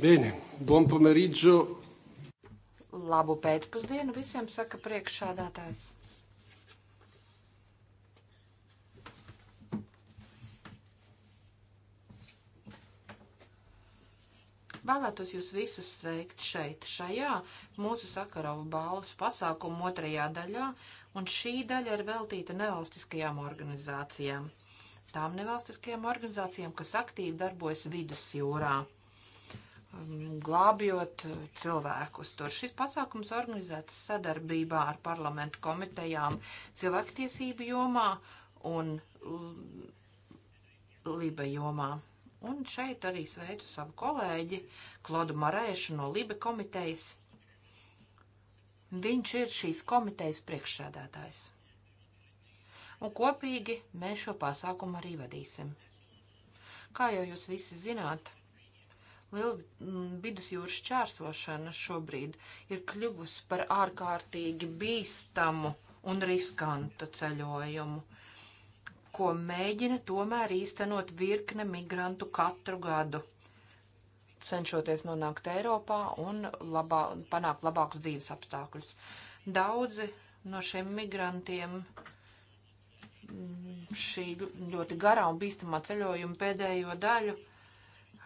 Bene, buon pomeriggio. Labu pēcpusdienu visiem saka priekšādātājs. Vēlētos jūs visus sveikt šeit, šajā mūsu Sakarava balvas pasākuma otrajā daļā, un šī daļa ir veltīta nevalstiskajām organizācijām. Tām nevalstiskajām organizācijām, kas aktīvi darbojas vidusjūrā. jūrā. Um, glābjot uh, cilvēkus. Tur šis pasākums organizēts sadarbībā ar parlamentu komitejām cilvēktiesību jomā un Liba jomā. Un šeit arī sveicu savu kolēģi Klodu Marēšu no Liba komitejas. Viņš ir šīs komitejas priekšsēdētājs. Un kopīgi mēs šo pasākumu arī vadīsim. Kā jau jūs visi zināt, liela mm, vidusjūras čērsošana šobrīd ir kļuvusi par ārkārtīgi bīstamu un riskantu ceļojumu, ko mēģina tomēr īstenot virkne migrantu katru gadu, cenšoties nonākt Eiropā un labā, panākt labākus dzīves apstākļus. Daudzi no šiem migrantiem mm, šī ļoti garā un bīstamā ceļojuma pēdējo daļu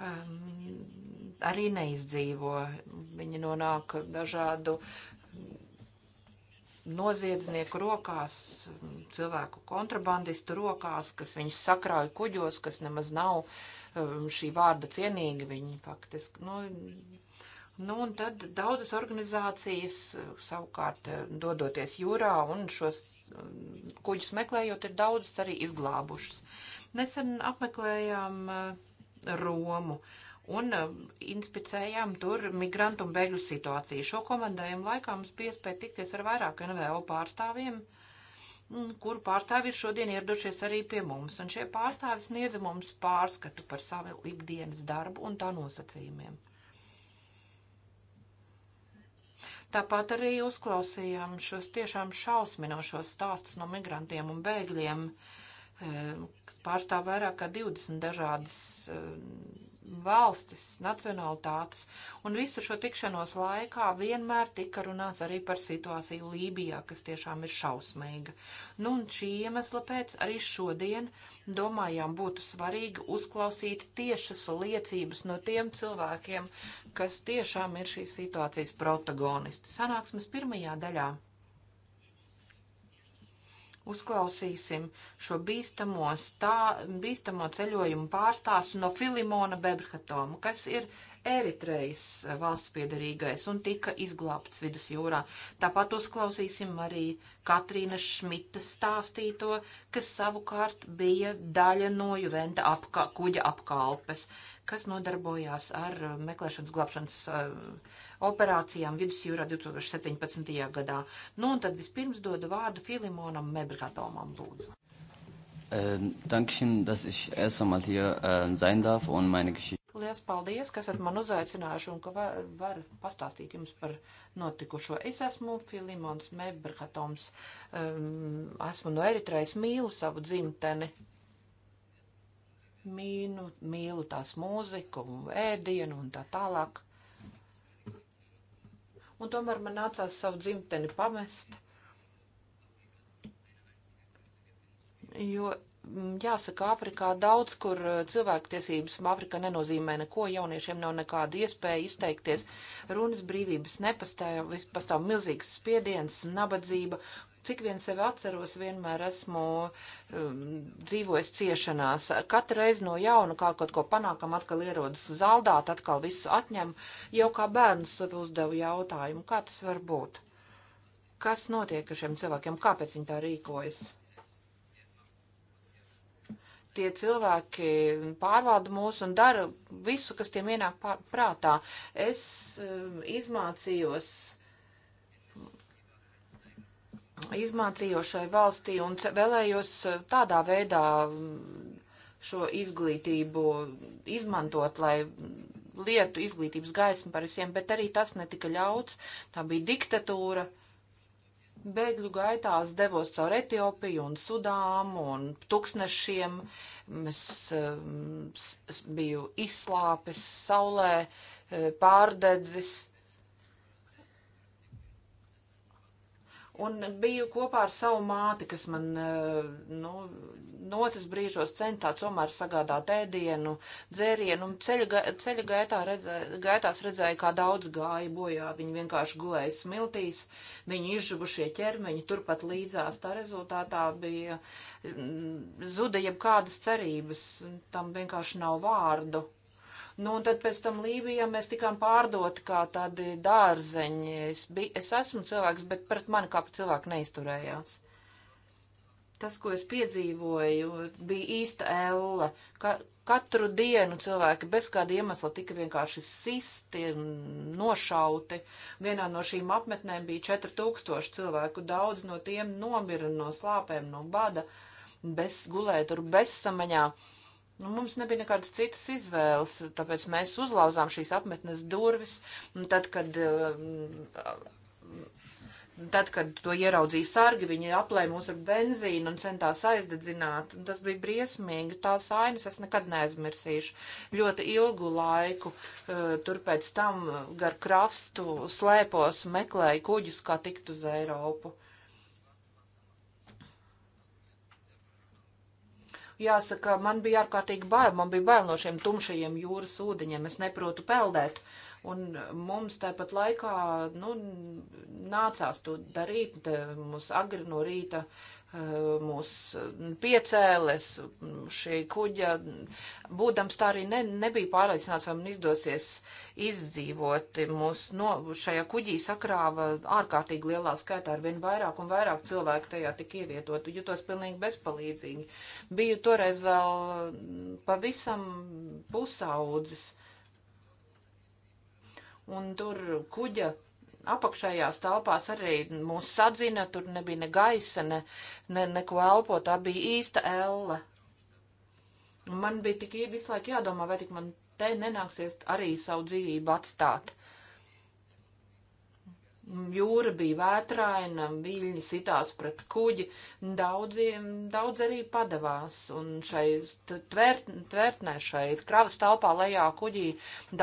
arī neizdzīvo. Viņi nonāk dažādu noziedznieku rokās, cilvēku kontrabandistu rokās, kas viņus sakrauj kuģos, kas nemaz nav šī vārda cienīgi. Viņi faktiski, nu, nu un tad daudzas organizācijas savukārt dodoties jūrā un šos kuģus meklējot, ir daudzas arī izglābušas. Nesen apmeklējām uh, Romu un uh, inspicējām tur migrantu un bēgļu situāciju. Šo komandējumu laikā mums bija iespēja tikties ar vairāk NVO pārstāvjiem, mm, kuru pārstāvji ir šodien ieradušies arī pie mums. Un šie pārstāvji sniedza mums pārskatu par savu ikdienas darbu un tā nosacījumiem. Tāpat arī uzklausījām šos tiešām šausminošos stāstus no migrantiem un bēgļiem. Uh, kas eh, pārstāv vairāk kā 20 dažādas eh, valstis, nacionalitātes, un visu šo tikšanos laikā vienmēr tika runāts arī par situāciju Lībijā, kas tiešām ir šausmīga. Nu, un šī iemesla pēc arī šodien, domājām, būtu svarīgi uzklausīt tiešas liecības no tiem cilvēkiem, kas tiešām ir šīs situācijas protagonisti. Sanāksmes pirmajā daļā uzklausīsim šo bīstamo, stā, bīstamo ceļojumu pārstāstu no Filimona Bebrhatoma, kas ir Eritrejas eh, valsts piedarīgais un tika izglābts vidusjūrā. Tāpat uzklausīsim arī Katrīnas Šmitas stāstīto, kas savukārt bija daļa no Juventa apka, kuģa apkalpes, kas nodarbojās ar eh, meklēšanas glābšanas uh, operācijām vidusjūrā 2017. gadā. Nu un tad vispirms dodu vārdu Filimonam Mebrigatomam lūdzu. Äh, Dankeschön, dass ich erst einmal hier äh, sein darf und meine Geschichte. Liels paldies, ka esat man uzaicinājuši un ka var, var pastāstīt jums par notikušo. Es esmu Filimons Mebrhatoms, um, esmu no Eritrejas, mīlu savu dzimteni, mīnu, mīlu tās mūziku, ēdienu un tā tālāk. Un tomēr man nācās savu dzimteni pamest, jo Mm, jāsaka, Āfrikā daudz, kur eh, cilvēktiesības Āfrika nenozīmē neko, jauniešiem nav nekādu iespēju izteikties, runas brīvības nepastāv, pastāv milzīgs spiediens, nabadzība. Cik vien sevi atceros, vienmēr esmu um, dzīvojis ciešanās. Katru reizi no jauna kā kaut ko panākam, atkal ierodas zaldāt, atkal visu atņem. Jau kā bērns sev uzdevu jautājumu, kā tas var būt? Kas notiek ar šiem cilvēkiem? Kāpēc viņi tā rīkojas? tie cilvēki pārvalda mūs un dara visu, kas tiem ienāk pār, prātā. Es um, izmācījos. Izmācījošai valstī un vēlējos uh, tādā veidā um, šo izglītību izmantot, lai um, lietu izglītības gaismu par visiem, bet arī tas netika ļauts. Tā bija diktatūra. Uh, bēgļu gaitās devos caur Etiopiju un Sudāmu un tūkstnešiem. Um, es biju izslāpis saulē, eh, pārdedzis un biju kopā ar savu māti, kas man eh, nu, notis brīžos centās tomēr sagādāt ēdienu, dzērienu, un ceļa, ceļa gaitā redzē, gaitās redzēju, kā daudz gāja bojā. Viņi vienkārši gulēja smiltīs, viņi izžuvušie ķermeņi turpat līdzās. Tā rezultātā bija mm, zuda jebkādas cerības, tam vienkārši nav vārdu. Nu, un tad pēc tam Lībijā mēs tikām pārdoti kā tādi dārzeņi. Es, biju, es esmu cilvēks, bet pret mani kā pret cilvēku neizturējās. Tas, ko es piedzīvoju, bija īsta elle. Ka, katru dienu cilvēki bez kāda iemesla tika vienkārši sisti, nošauti. Vienā no šīm apmetnēm bija 4000 cilvēku. Daudz no tiem nomira no slāpēm, no bada, bez gulēt tur bezsamaņā. Uh, Nu, mums nebija nekādas citas izvēles, tāpēc mēs uzlauzām šīs apmetnes durvis. Tad, kad, um, tad, kad to ieraudzīja sargi, viņi aplēja mūs ar benzīnu un centās aizdedzināt. Un tas bija briesmīgi. Tās ainas es nekad neaizmirsīšu. Ļoti ilgu laiku uh, tur pēc tam uh, gar krastu slēpos un meklēju kuģus, kā tikt uz Eiropu. Jāsaka, man bija ārkārtīgi bail, man bija bail no šiem tumšajiem jūras ūdeņiem, es neprotu peldēt. Un mums tāpat laikā, nu, nācās to darīt, mūs agri no rīta mūs piecēles, šī kuģa, būdams tā arī ne, nebija pārliecināts, vai man izdosies izdzīvot. Mūs no, šajā kuģī sakrāva ārkārtīgi lielā skaitā ar vien vairāk un vairāk cilvēku tajā tik ievietotu, jutos pilnīgi bezpalīdzīgi. Biju toreiz vēl pavisam pusaudzis. Un tur kuģa apakšējās telpās arī mūs sadzina, tur nebija ne gaisa, ne, ne neko elpo, tā bija īsta elle. Man bija tik visu laiku jādomā, vai tik man te nenāksies arī savu dzīvību atstāt. Jūra bija vētraina, viļņi sitās pret kuģi, daudziem, daudz arī padavās, un šai tvērt, tvērtnē, šai kravas talpā lejā kuģī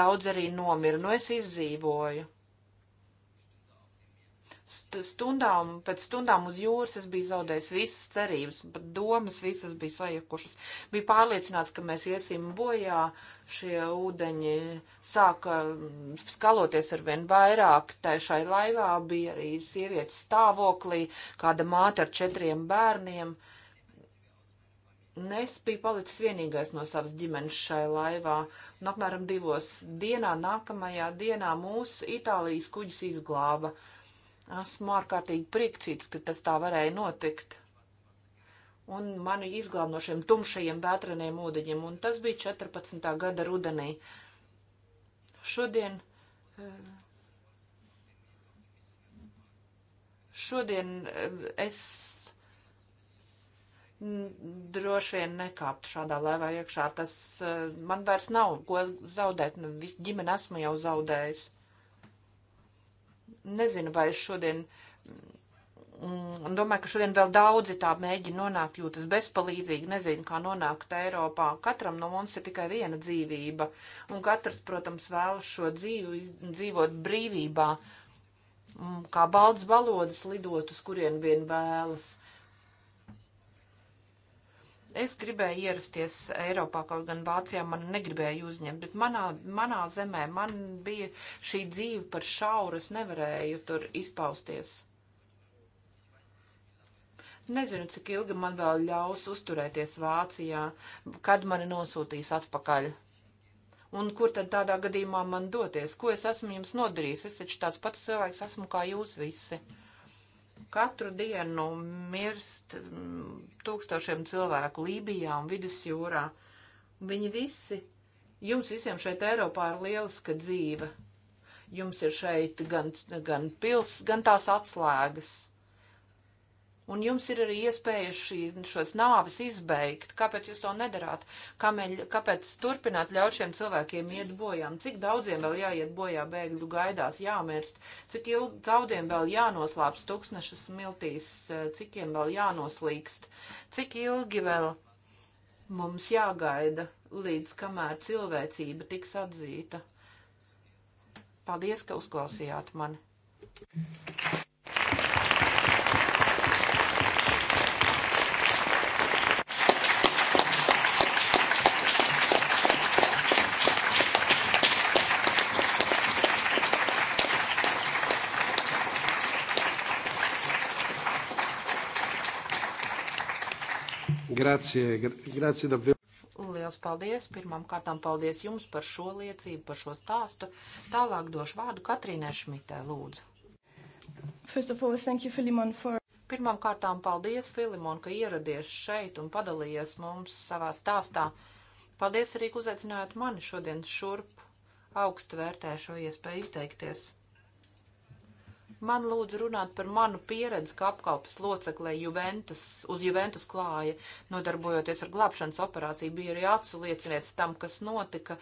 daudz arī nomira, nu es izdzīvoju st stundām pēc stundām uz jūras es biju zaudējis visas cerības, pat domas visas bija sajukušas. Bija pārliecināts, ka mēs iesim bojā, šie ūdeņi sāka mm, skaloties ar vien vairāk. Tešai laivā bija arī sievietes stāvoklī, kāda māte ar četriem bērniem. Es biju palicis vienīgais no savas ģimenes šai laivā, un apmēram divos dienā, nākamajā dienā mūsu Itālijas kuģis izglāba. Uh, Esmu ārkārtīgi priecīgs, ka tas tā varēja notikt. Un mani izglāb no šiem tumšajiem vētraniem ūdeņiem, un tas bija 14. gada rudenī. Šodien, eh, šodien eh, es droši vien nekāptu šādā laivā iekšā. Tas eh, man vairs nav ko zaudēt. Nu, Visu ģimeni esmu jau zaudējis nezinu, vai es šodien. Mm, un domāju, ka šodien vēl daudzi tā mēģina nonākt, jūtas bezpalīdzīgi, nezinu, kā nonākt Eiropā. Katram no mums ir tikai viena dzīvība, un katrs, protams, vēlas šo dzīvi dzīvot brīvībā, mm, kā balts balodas lidot uz kurien vien vēlas. Uh, Es gribēju ierasties Eiropā, kaut gan Vācijā man negribēja uzņemt, bet manā, manā zemē man bija šī dzīve par šauru, es nevarēju tur izpausties. Nezinu, cik ilgi man vēl ļaus uzturēties Vācijā, kad mani nosūtīs atpakaļ. Un kur tad tādā gadījumā man doties? Ko es esmu jums nodarījis? Es taču tāds pats cilvēks esmu kā jūs visi. Mm. Katru dienu mirst mm, tūkstošiem cilvēku Lībijā un Vidusjūrā. Viņi visi, jums visiem šeit Eiropā ir lieliska dzīve. Jums ir šeit gan, gan pils, gan tās atslēgas un jums ir arī iespēja šī, šos nāvis izbeigt. Kāpēc jūs to nedarāt? Kāpēc, kāpēc turpināt ļaut šiem cilvēkiem iet bojām? Cik daudziem vēl jāiet bojā bēgļu gaidās, jāmirst? Cik ilgi daudziem vēl jānoslāps tūkstnešas smiltīs? Eh, cikiem vēl jānoslīkst? Cik ilgi vēl mums jāgaida, līdz kamēr cilvēcība tiks atzīta? Paldies, ka uzklausījāt mani! Thank you. Grazie, grazie davvero. Liels paldies! Pirmām kārtām paldies jums par šo liecību, par šo stāstu. Tālāk došu vārdu Katrīnai Šmitē, lūdzu. All, you, Filimon, for... Pirmām kārtām paldies, Filimon, ka ieradies šeit un padalījies mums savā stāstā. Paldies arī, ka uzaicinājāt mani šodien šurp. Augstu vērtēju šo iespēju izteikties. Man lūdzu runāt par manu pieredzi, kā apkalpes loceklē Juventus, uz Juventus klāja, nodarbojoties ar glābšanas operāciju, bija arī acu liecinieks tam, kas notika,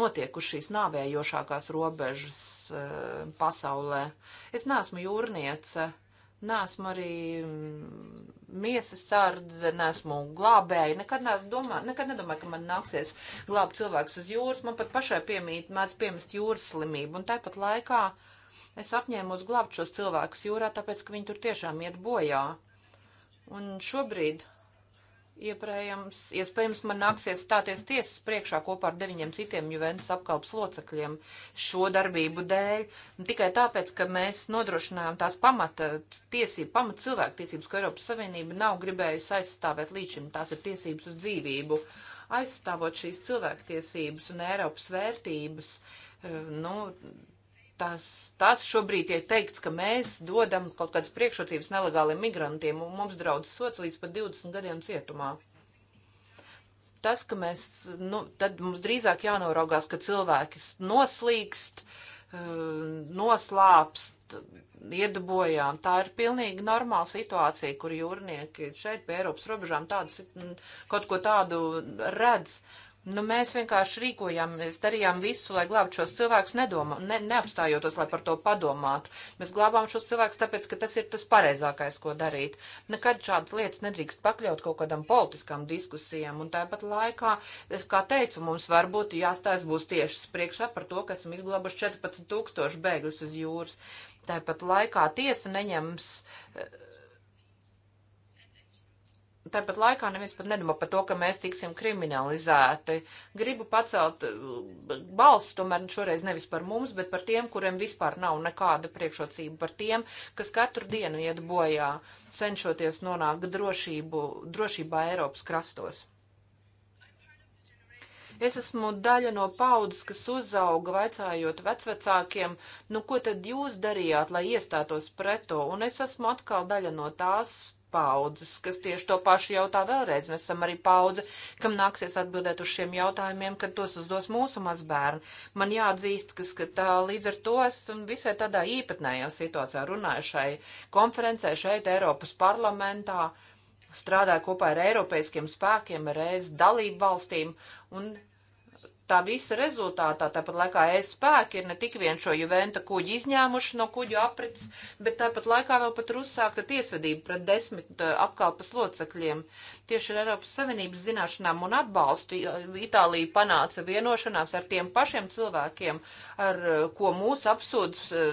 notiek uz šīs nāvējošākās robežas uh, pasaulē. Es neesmu jūrniece. Neesmu arī mm, miesas sārdze, neesmu glābēji, nekad neesmu domā, nekad nedomāju, ka man nāksies glābt cilvēkus uz jūras, man pat pašai piemīt, mēdz piemest jūras slimību, un tāpat laikā uh, Es apņēmos glābt šos cilvēkus jūrā, tāpēc, ka viņi tur tiešām iet bojā. Un šobrīd, ieprējams, iespējams, man nāksies stāties tiesas priekšā kopā ar deviņiem citiem Juventus apkalpas locekļiem šo darbību dēļ. Un tikai tāpēc, ka mēs nodrošinājām tās pamata tiesību, pamata cilvēktiesības, ko Eiropas Savienība nav gribējusi aizstāvēt līdz šim. Tās ir tiesības uz dzīvību. Aizstāvot šīs cilvēktiesības un Eiropas vērtības, eh, nu, tas, tas šobrīd tiek teikts, ka mēs dodam kaut kādas priekšrocības nelegāliem migrantiem un mums draudz sots līdz pat 20 gadiem cietumā. Tas, ka mēs, nu, tad mums drīzāk jānoraugās, ka cilvēks noslīkst, eh, noslāpst, iedabojā. Tā ir pilnīgi normāla situācija, kur jūrnieki šeit pie Eiropas robežām tādas, kaut ko tādu redz. Uh, Nu, mēs vienkārši rīkojāmies, darījām visu, lai glābtu šos cilvēkus, nedomā, ne, neapstājoties, lai par to padomātu. Mēs glābām šos cilvēkus, tāpēc, ka tas ir tas pareizākais, ko darīt. Nekad šādas lietas nedrīkst pakļaut kaut kādam politiskam diskusijām, un tāpat laikā, kā teicu, mums varbūt jāstājas būs tieši priekšā par to, ka esam izglābuši 14 tūkstoši bēgļus uz jūras. Tāpat laikā tiesa neņems. Uh, Tāpat laikā neviens pat nedomā par to, ka mēs tiksim kriminalizēti. Gribu pacelt uh, balsi, tomēr šoreiz nevis par mums, bet par tiem, kuriem vispār nav nekāda priekšrocība, par tiem, kas katru dienu iet bojā, cenšoties nonākt drošību, drošībā Eiropas krastos. Es esmu daļa no paudzes, kas uzauga vaicājot vecvecākiem, nu ko tad jūs darījāt, lai iestātos pret to, un es esmu atkal daļa no tās paudzes, kas tieši to pašu jautā vēlreiz. Mēs esam arī paudze, kam nāksies atbildēt uz šiem jautājumiem, kad tos uzdos mūsu mazbērni. Man jāatzīst, ka, ka tā, līdz ar to esmu visai tādā īpatnējā situācijā runājušai konferencē šeit Eiropas parlamentā, strādāju kopā ar eiropeiskiem spēkiem, ar ES dalību valstīm un Tā visa rezultātā tāpat laikā es spēki ir ne tik vien šo juventa kuģi izņēmuši no kuģu aprits, bet tāpat laikā vēl pat ir uzsākta tiesvedība pret desmit eh, apkalpas locekļiem. Tieši ar Eiropas Savienības zināšanām un atbalstu Itālija panāca vienošanās ar tiem pašiem cilvēkiem, ar eh, ko mūs apsūdz eh,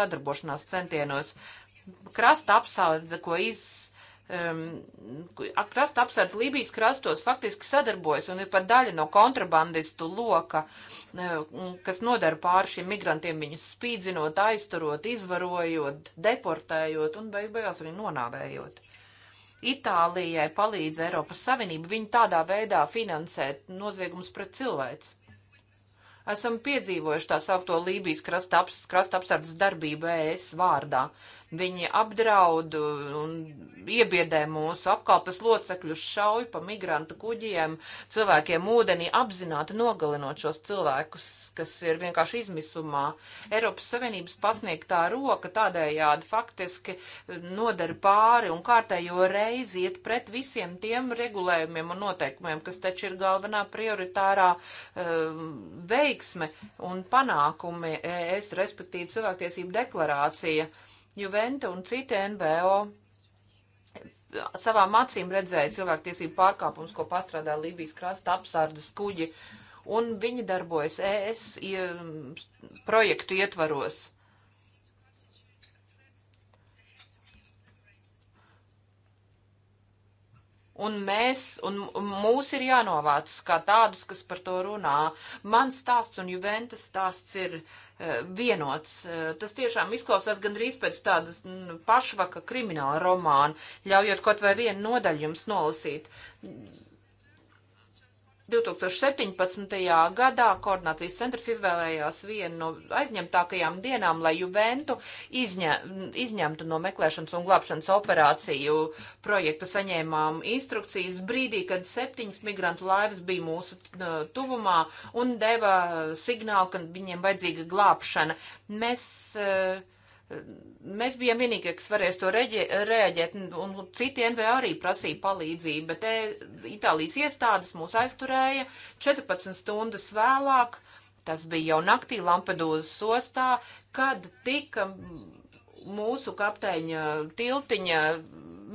sadarbošanās centienos. Krasta apsādze, ko izsāca um, krasta apsardz Lībijas krastos faktiski sadarbojas un ir pat daļa no kontrabandistu loka, um, kas nodara pāri šiem migrantiem, viņus spīdzinot, aizturot, izvarojot, deportējot un beigās arī nonāvējot. Itālijai palīdz Eiropas Savienība viņu tādā veidā finansēt noziegums pret cilvēci. Esam piedzīvojuši tā saukto Lībijas krasta, aps, krasta apsardzes darbību ES vārdā. Uh, Viņi apdraud un iebiedē mūsu apkalpes locekļus, šauj pa migrantu kuģiem, cilvēkiem ūdenī, apzināti nogalinot šos cilvēkus, kas ir vienkārši izmisumā. Eiropas Savienības pasniegtā roka tādējādi faktiski nodara pāri un kārtējo reizi iet pret visiem tiem regulējumiem un noteikumiem, kas taču ir galvenā prioritārā um, veiksme un panākumi es, respektīvi cilvēktiesību deklarācija. Uh, Juventa un citi NVO savām acīm redzēja cilvēktiesību pārkāpumus, ko pastrādā Lībijas krasta apsardzes kuģi, un viņi darbojas ES projektu ietvaros. Un mēs, un mūs ir jānovāc kā tādus, kas par to runā. Mans stāsts un Juventus stāsts ir uh, vienots. Uh, tas tiešām izklausās gandrīz pēc tādas pašvaka krimināla romāna, ļaujot kaut vai vienu nodaļu jums nolasīt. 2017. gadā koordinācijas centrs izvēlējās vienu no aizņemtākajām dienām, lai Juventu izņem, izņemtu no meklēšanas un glābšanas operāciju projekta. Saņēmām instrukcijas brīdī, kad septiņas migrantu laivas bija mūsu tuvumā un deva signālu, ka viņiem vajadzīga glābšana. Mēs uh, Mēs bijām vienīgie, kas varēs to reģi, rēģēt, un citi NVA arī prasīja palīdzību, bet e, Itālijas iestādes mūs aizturēja 14 stundas vēlāk, tas bija jau naktī Lampedūzas ostā, kad tika mūsu kapteiņa tiltiņa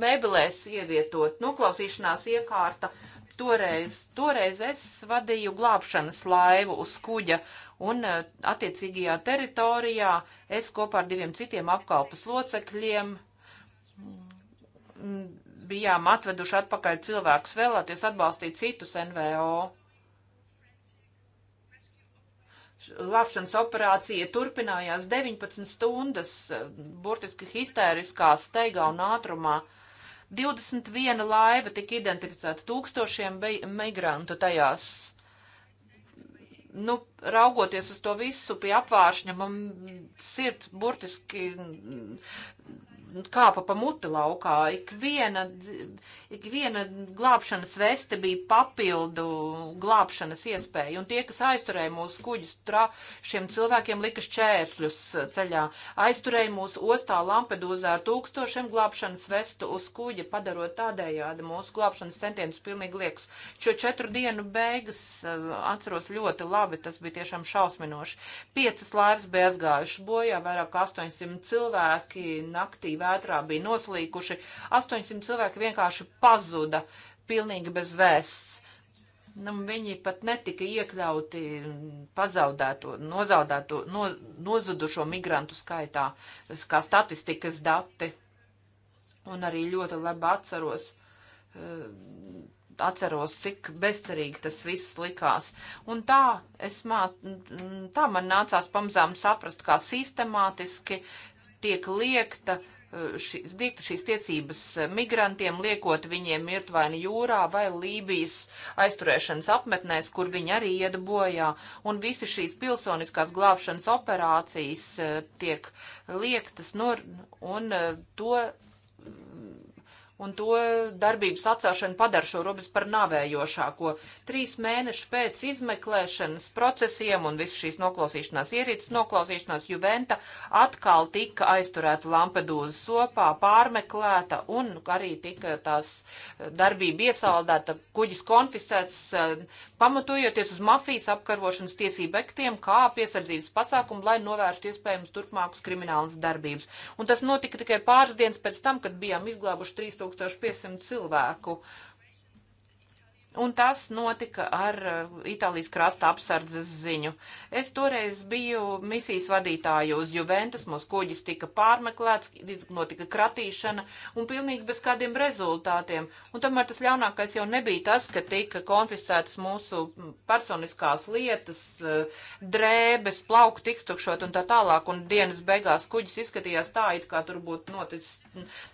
mēbelēs ievietot noklausīšanās iekārta. Toreiz, toreiz es vadīju glābšanas laivu uz kuģa un eh, attiecīgajā teritorijā es kopā ar diviem citiem apkalpas locekļiem mm, bijām atveduši atpakaļ cilvēkus vēlēties atbalstīt citus NVO. Glābšanas operācija turpinājās 19 stundas, burtiski histēriskā steigā un ātrumā. 21 laiva tika identificēta tūkstošiem migrantu tajās nu, raugoties uz to visu pie apvāršņa, man sirds burtiski kāpa pa muti laukā. Ikviena, ikviena glābšanas veste bija papildu glābšanas iespēja, un tie, kas aizturēja mūsu kuģus, tra, šiem cilvēkiem lika šķēršļus ceļā. Aizturēja mūsu ostā Lampedūzā ar tūkstošiem glābšanas vestu uz kuģa, padarot tādējādi mūsu glābšanas centienus pilnīgi liekus. Šo četru dienu beigas eh, atceros ļoti labi, tas bija tiešām šausminoši. Piecas laivas bija aizgājušas bojā, vairāk kā 800 cilvēki naktī vētrā bija noslīkuši. 800 cilvēki vienkārši pazuda, pilnīgi bez vēsts. Nu, viņi pat netika iekļauti pazaudēto, nozaudēto, no, nozudušo migrantu skaitā, kā statistikas dati. Un arī ļoti labi atceros, eh, atceros, cik bezcerīgi tas viss likās. Un tā, es mā, tā man nācās pamazām saprast, kā sistemātiski tiek liekta uh, Eh, ši, diktu šīs tiesības migrantiem, liekot viņiem mirt vai nu jūrā vai Lībijas aizturēšanas apmetnēs, kur viņi arī iet bojā. Un visi šīs pilsoniskās glābšanas operācijas eh, tiek liektas, nu, un eh, to un to darbības atcelšana padara šo robežu par navējošāko. Trīs mēneši pēc izmeklēšanas procesiem un visu šīs noklausīšanās ierīces noklausīšanās Juventa atkal tika aizturēta Lampedūzas sopā, pārmeklēta un arī tika tās darbība iesaldēta, kuģis konfiscēts, eh, pamatojoties uz mafijas apkarošanas tiesību ektiem, kā piesardzības pasākumu, lai novērstu iespējams turpmākus kriminālas darbības. Un tas notika tikai pāris dienas pēc tam, kad bijām izglābuši 3000 3500 cilvēku Un tas notika ar uh, Itālijas krasta apsardzes ziņu. Es toreiz biju misijas vadītāja uz Juventus, mūsu kuģis tika pārmeklēts, notika kratīšana un pilnīgi bez kādiem rezultātiem. Un tomēr tas ļaunākais jau nebija tas, ka tika konfiscētas mūsu personiskās lietas, uh, drēbes, plauku tikstukšot un tā tālāk. Un dienas beigās kuģis izskatījās tā, it kā tur būtu noticis,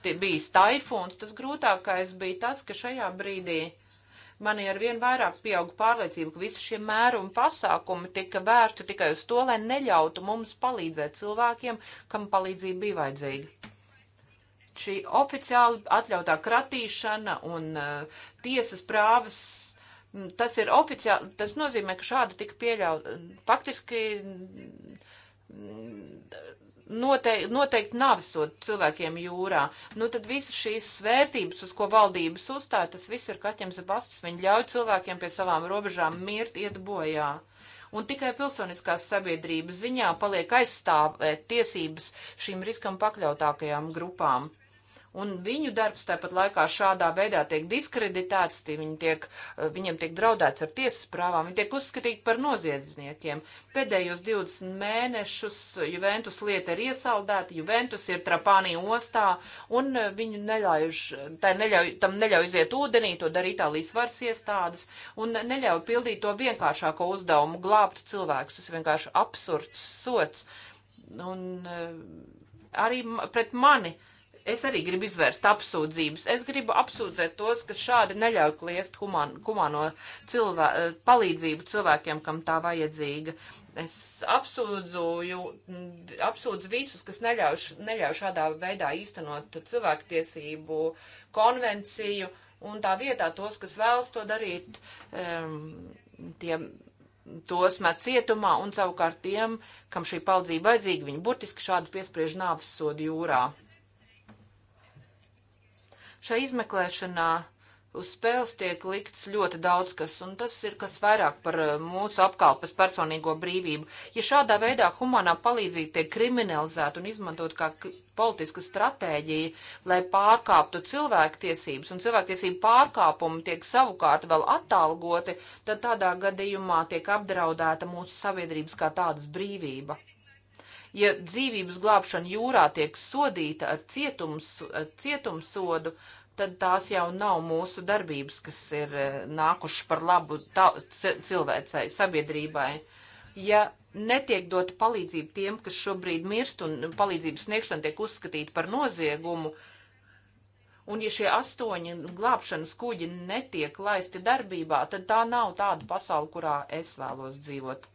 bijis taifūns. Tas grūtākais bija tas, ka šajā brīdī Mani ar vien vairāk pieauga pārliecība, ka visi šie mēri un pasākumi tika vērsti tikai uz to, lai neļautu mums palīdzēt cilvēkiem, kam palīdzība bija vajadzīga. Šī oficiāli atļautā kratīšana un uh, tiesas prāvas mm, tas ir oficiāli, tas nozīmē, ka šādi tika pieļaut. Faktiski mm, noteikti, noteikti navsot cilvēkiem jūrā. Nu, tad visas šīs svērtības, uz ko valdības uzstāja, tas viss ir kaķiem zabastas. Viņi ļauj cilvēkiem pie savām robežām mirt, iet bojā. Un tikai pilsoniskās sabiedrības ziņā paliek aizstāvēt tiesības šīm riskam pakļautākajām grupām un viņu darbs tāpat laikā šādā veidā tiek diskreditēts, tie viņi tiek, eh, viņiem tiek draudēts ar tiesas prāvām, viņi tiek uzskatīti par noziedzniekiem. Pēdējos 20 mēnešus Juventus lieta ir iesaldēta, Juventus ir Trapānī ostā, un eh, viņu neļauj, neļauj, tam neļauj iziet ūdenī, to dara Itālijas varas iestādes, un neļauj pildīt to vienkāršāko uzdevumu - glābt cilvēkus. Tas vienkārši absurds sots. Un eh, arī pret mani uh, es arī gribu izvērst apsūdzības. Es gribu apsūdzēt tos, kas šādi neļauj kliest human, humano cilvē, palīdzību cilvēkiem, kam tā vajadzīga. Es apsūdzu, jū, apsūdzu visus, kas neļauj, neļauj šādā veidā īstenot cilvēktiesību konvenciju, un tā vietā tos, kas vēlas to darīt, um, tiem tos met cietumā, un savukārt tiem, kam šī palīdzība vajadzīga, viņi burtiski šādu piespriež nāves sodu jūrā. Šai izmeklēšanā uz spēles tiek likts ļoti daudz kas, un tas ir kas vairāk par eh, mūsu apkalpes personīgo brīvību. Ja šādā veidā humanā palīdzība tiek kriminalizēta un izmantot kā politiska stratēģija, lai pārkāptu cilvēktiesības, un cilvēktiesību pārkāpumi tiek savukārt vēl attālgoti, tad tādā gadījumā tiek apdraudēta mūsu sabiedrības kā tādas brīvība. Ja dzīvības glābšana jūrā tiek sodīta ar cietums, cietumsodu, tad tās jau nav mūsu darbības, kas ir eh, nākušas par labu tā, cilvēcei, sabiedrībai. Ja netiek dota palīdzība tiem, kas šobrīd mirst, un palīdzības sniegšana tiek uzskatīta par noziegumu. Un ja šie astoņi glābšanas kuģi netiek laisti darbībā, tad tā nav tāda pasaule, kurā es vēlos dzīvot.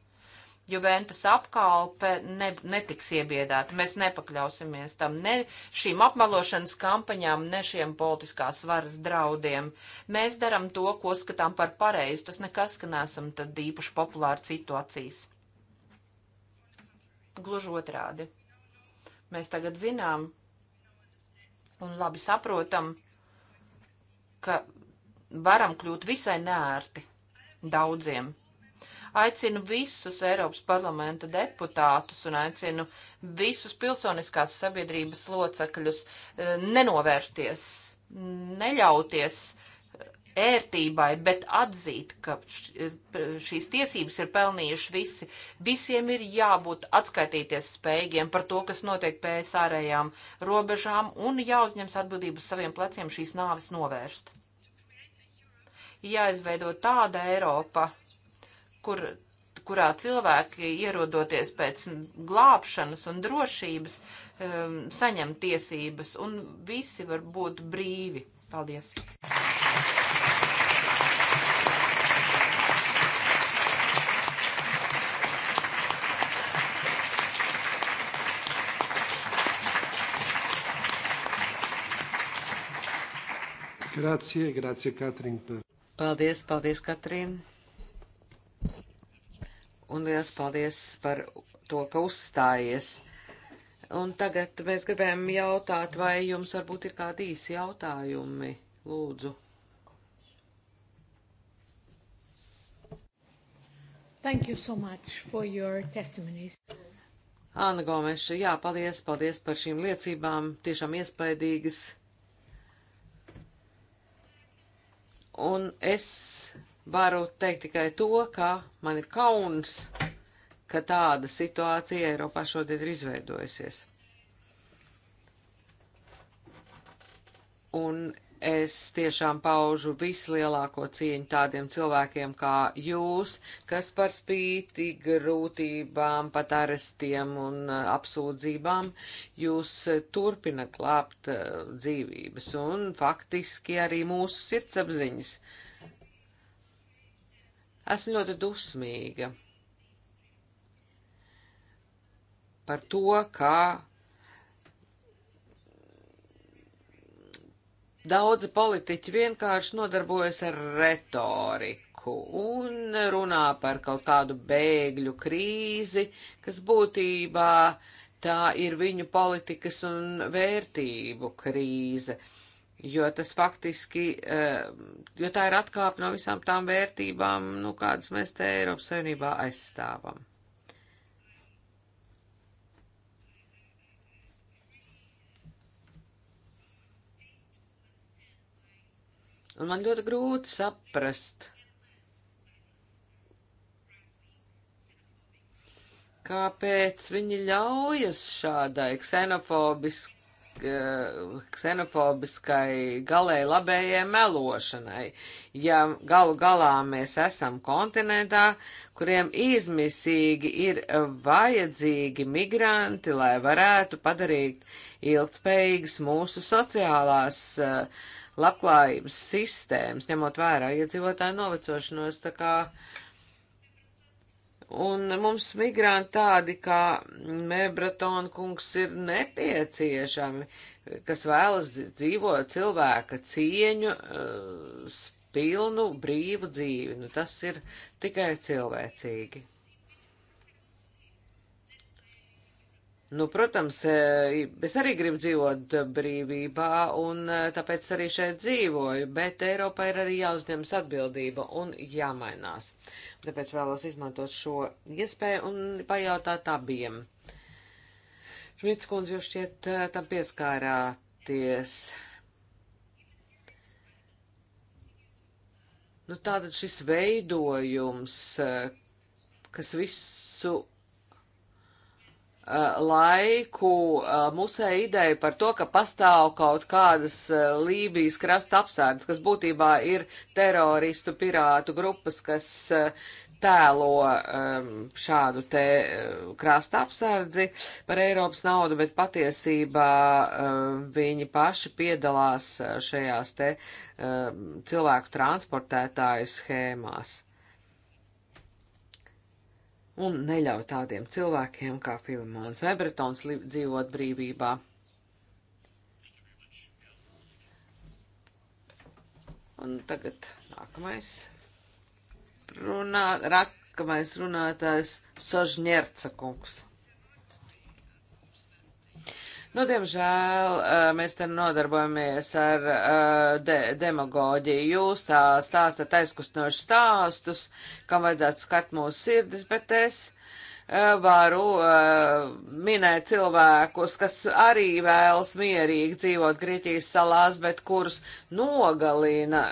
Juventus apkalpe ne, netiks iebiedēta. Mēs nepakļausimies tam ne šīm apmelošanas kampaņām, ne šiem politiskās varas draudiem. Mēs daram to, ko skatām par pareizu. Tas nekas, ka neesam tad īpaši populāri situācijas. Gluži otrādi. Mēs tagad zinām un labi saprotam, ka varam kļūt visai nērti daudziem Aicinu visus Eiropas parlamenta deputātus un aicinu visus pilsoniskās sabiedrības locekļus eh, nenovērsties, neļauties eh, ērtībai, bet atzīt, ka eh, šīs tiesības ir pelnījuši visi. Visiem ir jābūt atskaitīties spējīgiem par to, kas notiek pēc ārējām robežām un jāuzņems atbildību uz saviem pleciem šīs nāves novērst. Jāizveido tāda Eiropa, kur, kurā cilvēki ierodoties pēc glābšanas un drošības um, saņem tiesības un visi var būt brīvi. Paldies! Grazie, grazie, Katrīna. Paldies, paldies, Katrīna un liels paldies par to, ka uzstājies. Un tagad mēs gribējām jautāt, vai jums varbūt ir kādi īsi jautājumi, lūdzu. Thank you so much for your testimonies. Āna Gomeša, jā, paldies, paldies par šīm liecībām, tiešām iespaidīgas. Un es Varu teikt tikai to, ka man ir kauns, ka tāda situācija Eiropā šodien ir izveidojusies. Un es tiešām paužu vislielāko cieņu tādiem cilvēkiem kā jūs, kas par spīti grūtībām, pat arestiem un uh, apsūdzībām, jūs uh, turpinat glābt uh, dzīvības un faktiski arī mūsu sirdsapziņas. Uh, Esmu ļoti dusmīga par to, kā daudzi politiķi vienkārši nodarbojas ar retoriku un runā par kaut kādu bēgļu krīzi, kas būtībā tā ir viņu politikas un vērtību krīze. Uh, jo tas faktiski, eh, jo tā ir atkāpa no visām tām vērtībām, nu, kādas mēs te Eiropas Savienībā aizstāvam. Un man ļoti grūti saprast, kāpēc viņi ļaujas šādai ksenofobiskai Uh, ksenofobiskai galēji labējai melošanai, ja galu galā mēs esam kontinentā, kuriem izmisīgi ir vajadzīgi migranti, lai varētu padarīt ilgspējīgas mūsu sociālās uh, labklājības sistēmas, ņemot vērā iedzīvotāju novecošanos, tā kā uh, Un mums migranti tādi kā Mebratona kungs ir nepieciešami, kas vēlas dzīvot cilvēka cieņu, eh, pilnu, brīvu dzīvi. Nu, tas ir tikai cilvēcīgi. Nu, protams, e, es arī gribu dzīvot brīvībā, un e, tāpēc arī šeit dzīvoju, bet Eiropā ir arī jāuzņemas atbildība un jāmainās. Tāpēc vēlos izmantot šo iespēju un pajautāt abiem. Šmits kundze, jūs šķiet e, tam pieskārāties. Nu, tātad šis veidojums, kas visu Eh, laiku eh, musēja ideja par to, ka pastāv kaut kādas eh, Lībijas krasta apsardzes, kas būtībā ir teroristu pirātu grupas, kas tēlo ehm, šādu te krasta apsardzi par Eiropas naudu, bet patiesībā ehm, viņi paši piedalās šajās te ehm, cilvēku transportētāju schēmās un neļauj tādiem cilvēkiem kā Filimons Ebretons dzīvot brīvībā. Un tagad nākamais, runā, nākamais runātājs Sožņērca kungs. Nu, diemžēl eh, mēs te nodarbojamies ar eh, de demagoģiju. Jūs tā stāstat aizkustinošu stāstus, kam vajadzētu skart mūsu sirdis, bet es eh, varu minēt cilvēkus, kas arī vēlas mierīgi dzīvot Grieķijas salās, bet kurus nogalina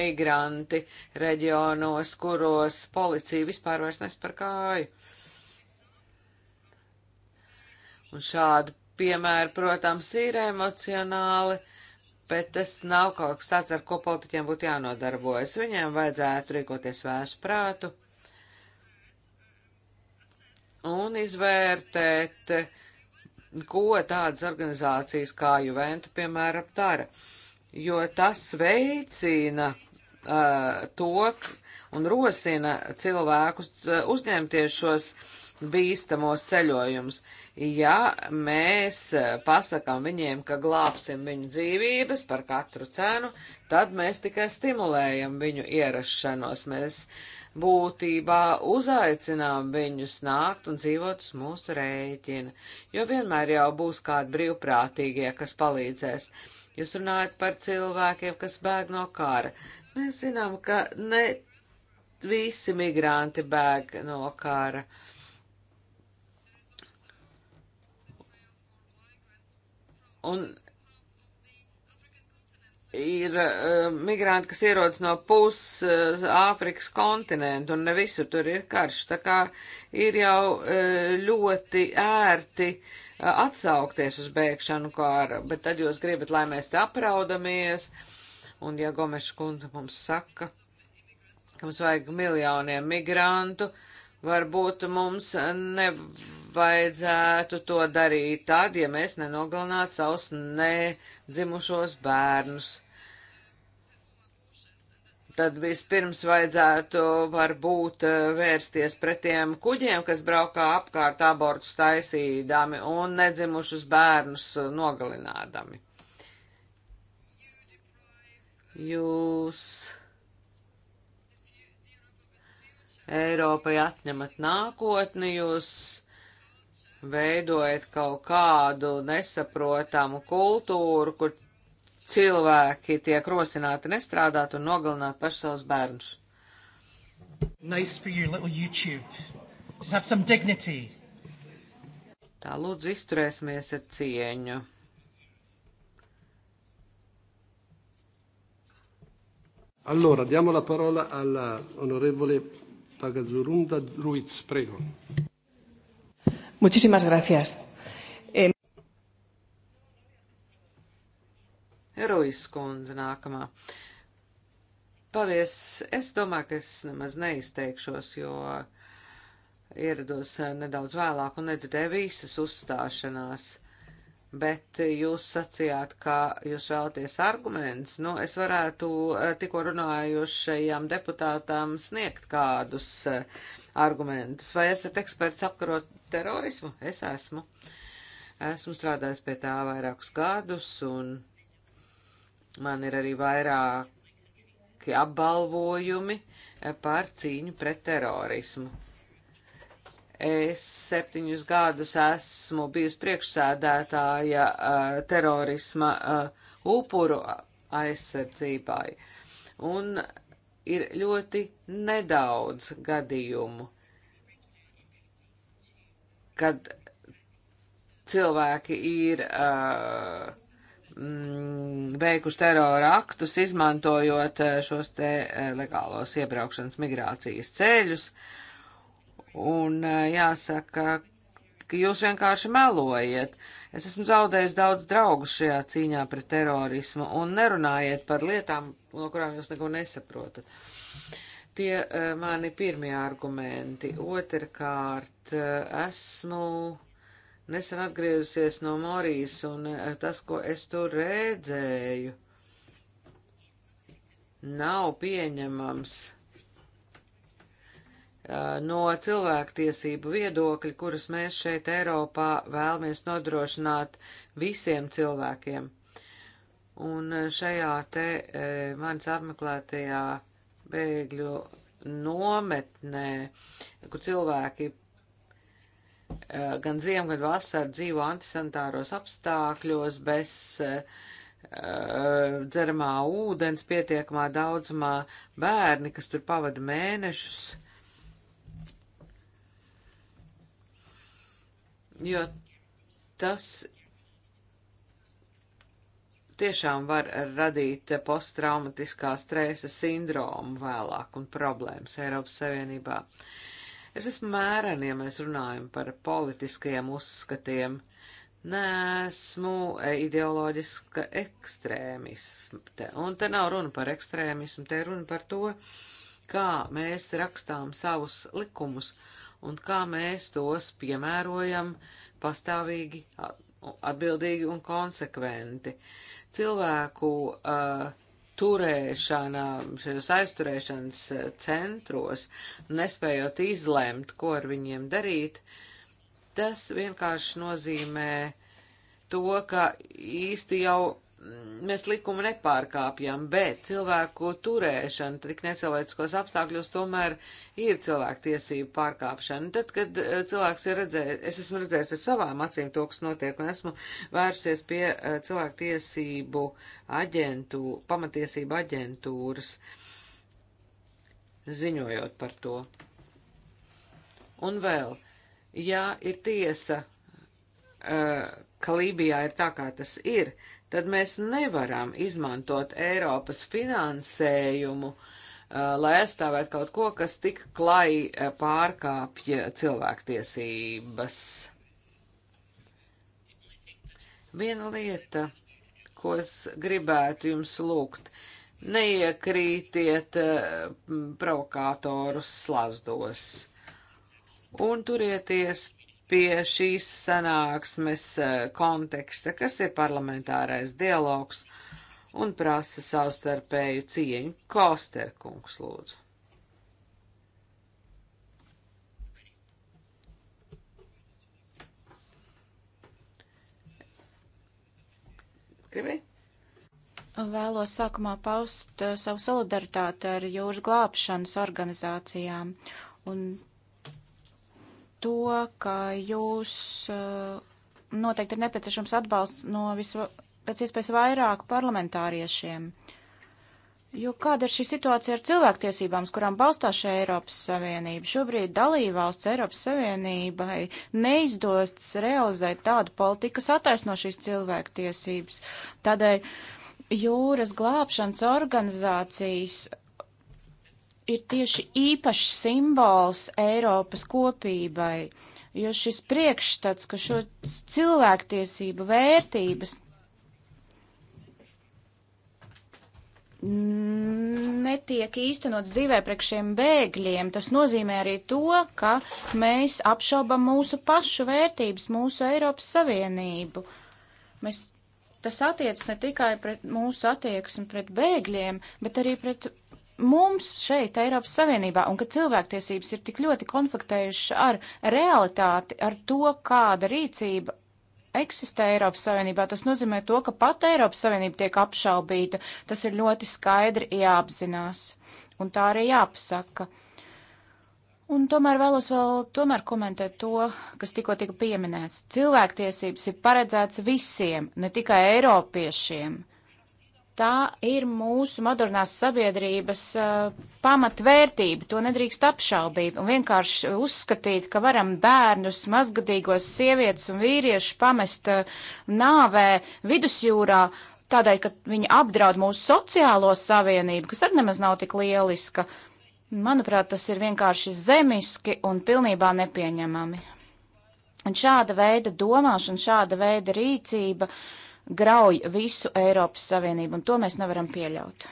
migranti reģionos, kuros policija vispār vairs nes par kāju. Un šādu piemēri, protams, ir emocionāli, bet tas nav kaut kas tāds, ar ko politiķiem būtu jānodarbojas. Viņiem vajadzētu rīkoties vēsprātu un izvērtēt, ko tādas organizācijas kā Juventa, piemēram, dara, jo tas veicina uh, to un rosina cilvēkus uh, uzņemties šos uh, bīstamos ceļojumus. Ja mēs eh, pasakām viņiem, ka glābsim viņu dzīvības par katru cenu, tad mēs tikai stimulējam viņu ierašanos. Mēs būtībā uzaicinām viņus nākt un dzīvot uz mūsu rēķina, jo vienmēr jau būs kādi brīvprātīgie, kas palīdzēs. Jūs runājat par cilvēkiem, kas bēg no kara. Mēs zinām, ka ne visi migranti bēg no kara. Uh, Un ir uh, migranti, kas ierodas no puses uh, Āfrikas kontinentu, un ne visur tur ir karš. Tā kā ir jau uh, ļoti ērti uh, atsaukties uz bēgšanu kāru, bet tad jūs gribat, lai mēs te apraudamies, un ja Gomeša kundze mums saka, ka mums vajag miljoniem migrantu, uh, Varbūt mums nevajadzētu to darīt tad, ja mēs nenogalinātu savus nedzimušos bērnus. Tad vispirms vajadzētu varbūt eh, vērsties pret tiem kuģiem, kas braukā apkārt abortus taisīdami un nedzimušus bērnus nogalinādami. Jūs Eiropai atņemat nākotni, jūs veidojat kaut kādu nesaprotamu kultūru, kur cilvēki tiek rosināti nestrādāt un nogalināt paši savus bērnus. Nice for your little YouTube. Just have some dignity. Tā lūdzu izturēsimies ar cieņu. Allora, diamo la parola all'onorevole Tagad Ruiz, prego. Muchísimas gracias. Eh... Ruiz kundze nākamā. Paldies. Es domāju, ka es nemaz neizteikšos, jo ierados eh, nedaudz vēlāk un nedzirdēju visas uzstāšanās bet jūs sacījāt, ka jūs vēlaties argumentus. Nu, es varētu eh, tikko runājušajām deputātām sniegt kādus eh, argumentus. Vai esat eksperts apkarot terorismu? Es esmu. Esmu strādājis pie tā vairākus gadus, un man ir arī vairāki apbalvojumi eh, par cīņu pret terorismu. Es septiņus gadus esmu bijusi priekšsēdētāja eh, terorisma eh, upuru aizsardzībai. Un ir ļoti nedaudz gadījumu, kad cilvēki ir uh, veikuši terora aktus, izmantojot šos te legālos iebraukšanas migrācijas ceļus. Uh, Un jāsaka, ka jūs vienkārši melojat. Es esmu zaudējis daudz draugu šajā cīņā pret terorismu un nerunājiet par lietām, no kurām jūs neko nesaprotat. Tie uh, mani pirmie argumenti. Otrkārt, uh, esmu nesen atgriezusies no Morijas un uh, tas, ko es tur redzēju, nav pieņemams Eh, no cilvēktiesību viedokļa, kurus mēs šeit Eiropā vēlamies nodrošināt visiem cilvēkiem. Un eh, šajā te eh, manis apmeklētajā bēgļu nometnē, kur cilvēki gan ziemu, gan vasaru dzīvo antisanitāros apstākļos, bez dzeramā ūdens pietiekamā daudzumā, bērni, kas tur pavada mēnešus, uh, jo tas tiešām var radīt posttraumatiskā stresa sindromu vēlāk un problēmas Eiropas Savienībā. Es esmu mēreni, ja mēs runājam par politiskajiem uzskatiem. Nesmu e, ideoloģiska ekstrēmiste, un te nav runa par ekstrēmismu, te runa par to, kā mēs rakstām savus likumus. Uh, un kā mēs tos piemērojam pastāvīgi, atbildīgi un konsekventi. Cilvēku uh, turēšana, šajos aizturēšanas centros, nespējot izlemt, ko ar viņiem darīt, tas vienkārši nozīmē to, ka īsti jau mēs likumu nepārkāpjam, bet cilvēku turēšana tik necilvēciskos apstākļos tomēr ir cilvēktiesību pārkāpšana. Tad, kad eh, cilvēks ir redzējis, es esmu redzējis ar savām acīm to, kas notiek, un esmu vērsies pie eh, cilvēktiesību aģentu, pamatiesību aģentūras, ziņojot par to. Un vēl, ja ir tiesa, eh, ka Lībijā ir tā, kā tas ir, tad mēs nevaram izmantot Eiropas finansējumu, uh, lai aizstāvētu kaut ko, kas tik klai uh, pārkāpja cilvēktiesības. Viena lieta, ko es gribētu jums lūgt, neiekrītiet uh, provokātorus slazdos un turieties pie šīs sanāksmes eh, konteksta, kas ir parlamentārais dialogs un prasa savstarpēju cieņu. Kosterkungs, lūdzu. Gribi? Vēlos sākumā paust eh, savu solidaritāti ar jūras glābšanas organizācijām un to, ka jūs eh, noteikti ir nepieciešams atbalsts no visu, pēc iespējas vairāk parlamentāriešiem. Jo kāda ir šī situācija ar cilvēktiesībām, uz kurām balstās šī Eiropas Savienība? Šobrīd dalībvalsts Eiropas Savienībai neizdosts realizēt tādu politiku, kas attaisno šīs cilvēktiesības. Tādēļ jūras glābšanas organizācijas ir tieši īpašs simbols Eiropas kopībai, jo šis priekšstats, ka šo cilvēktiesību vērtības netiek īstenots dzīvē priekš šiem bēgļiem, tas nozīmē arī to, ka mēs apšaubam mūsu pašu vērtības, mūsu Eiropas Savienību. Mēs, tas attiecas ne tikai pret mūsu attieksmi pret bēgļiem, bet arī pret mums šeit, Eiropas Savienībā, un ka cilvēktiesības ir tik ļoti konfliktējušas ar realitāti, ar to, kāda rīcība eksistē Eiropas Savienībā, tas nozīmē to, ka pat Eiropas Savienība tiek apšaubīta. Tas ir ļoti skaidri jāapzinās, un tā arī jāpasaka. Un tomēr vēlos vēl tomēr komentēt to, kas tikko tika pieminēts. Cilvēktiesības ir paredzēts visiem, ne tikai Eiropiešiem. Uh, Tā ir mūsu modernās sabiedrības uh, pamatvērtība, to nedrīkst apšaubīt un vienkārši uzskatīt, ka varam bērnus, mazgadīgos sievietes un vīriešus pamest uh, nāvē vidusjūrā, tādēļ, ka viņi apdraud mūsu sociālo savienību, kas arī nemaz nav tik lieliska. Manuprāt, tas ir vienkārši zemiski un pilnībā nepieņemami. Un šāda veida domāšana, šāda veida rīcība uh, grauj visu Eiropas Savienību, un to mēs nevaram pieļaut.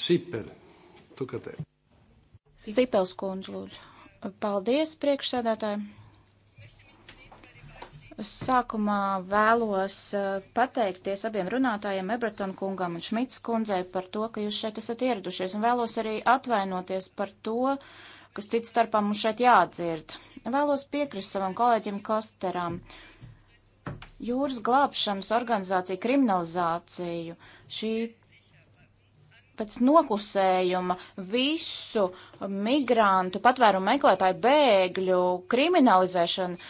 Sipeli, tu kā te? Sipels kundze, lūdzu. Paldies, priekšsēdētāji. Sākumā vēlos uh, pateikties abiem runātājiem, Ebreton kungam un Šmits kundzei par to, ka jūs šeit esat ieradušies, un vēlos arī atvainoties par to, kas cits starpā mums šeit jādzird. Vēlos piekrist savam kolēģim Kosteram. Jūras glābšanas organizācija kriminalizāciju šī pēc noklusējuma visu migrantu, patvērumu meklētāju bēgļu kriminalizēšanu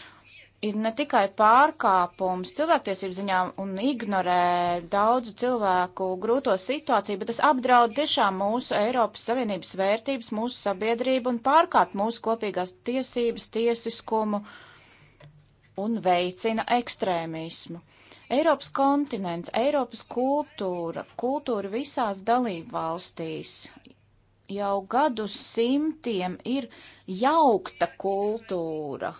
ir ne tikai pārkāpums cilvēktiesību ziņā un ignorē daudzu cilvēku grūto situāciju, bet tas apdraud tiešām mūsu Eiropas Savienības vērtības, mūsu sabiedrību un pārkāp mūsu kopīgās tiesības, tiesiskumu un veicina ekstrēmismu. Eiropas kontinents, Eiropas kultūra, kultūra visās dalību valstīs jau gadu simtiem ir jaukta kultūra,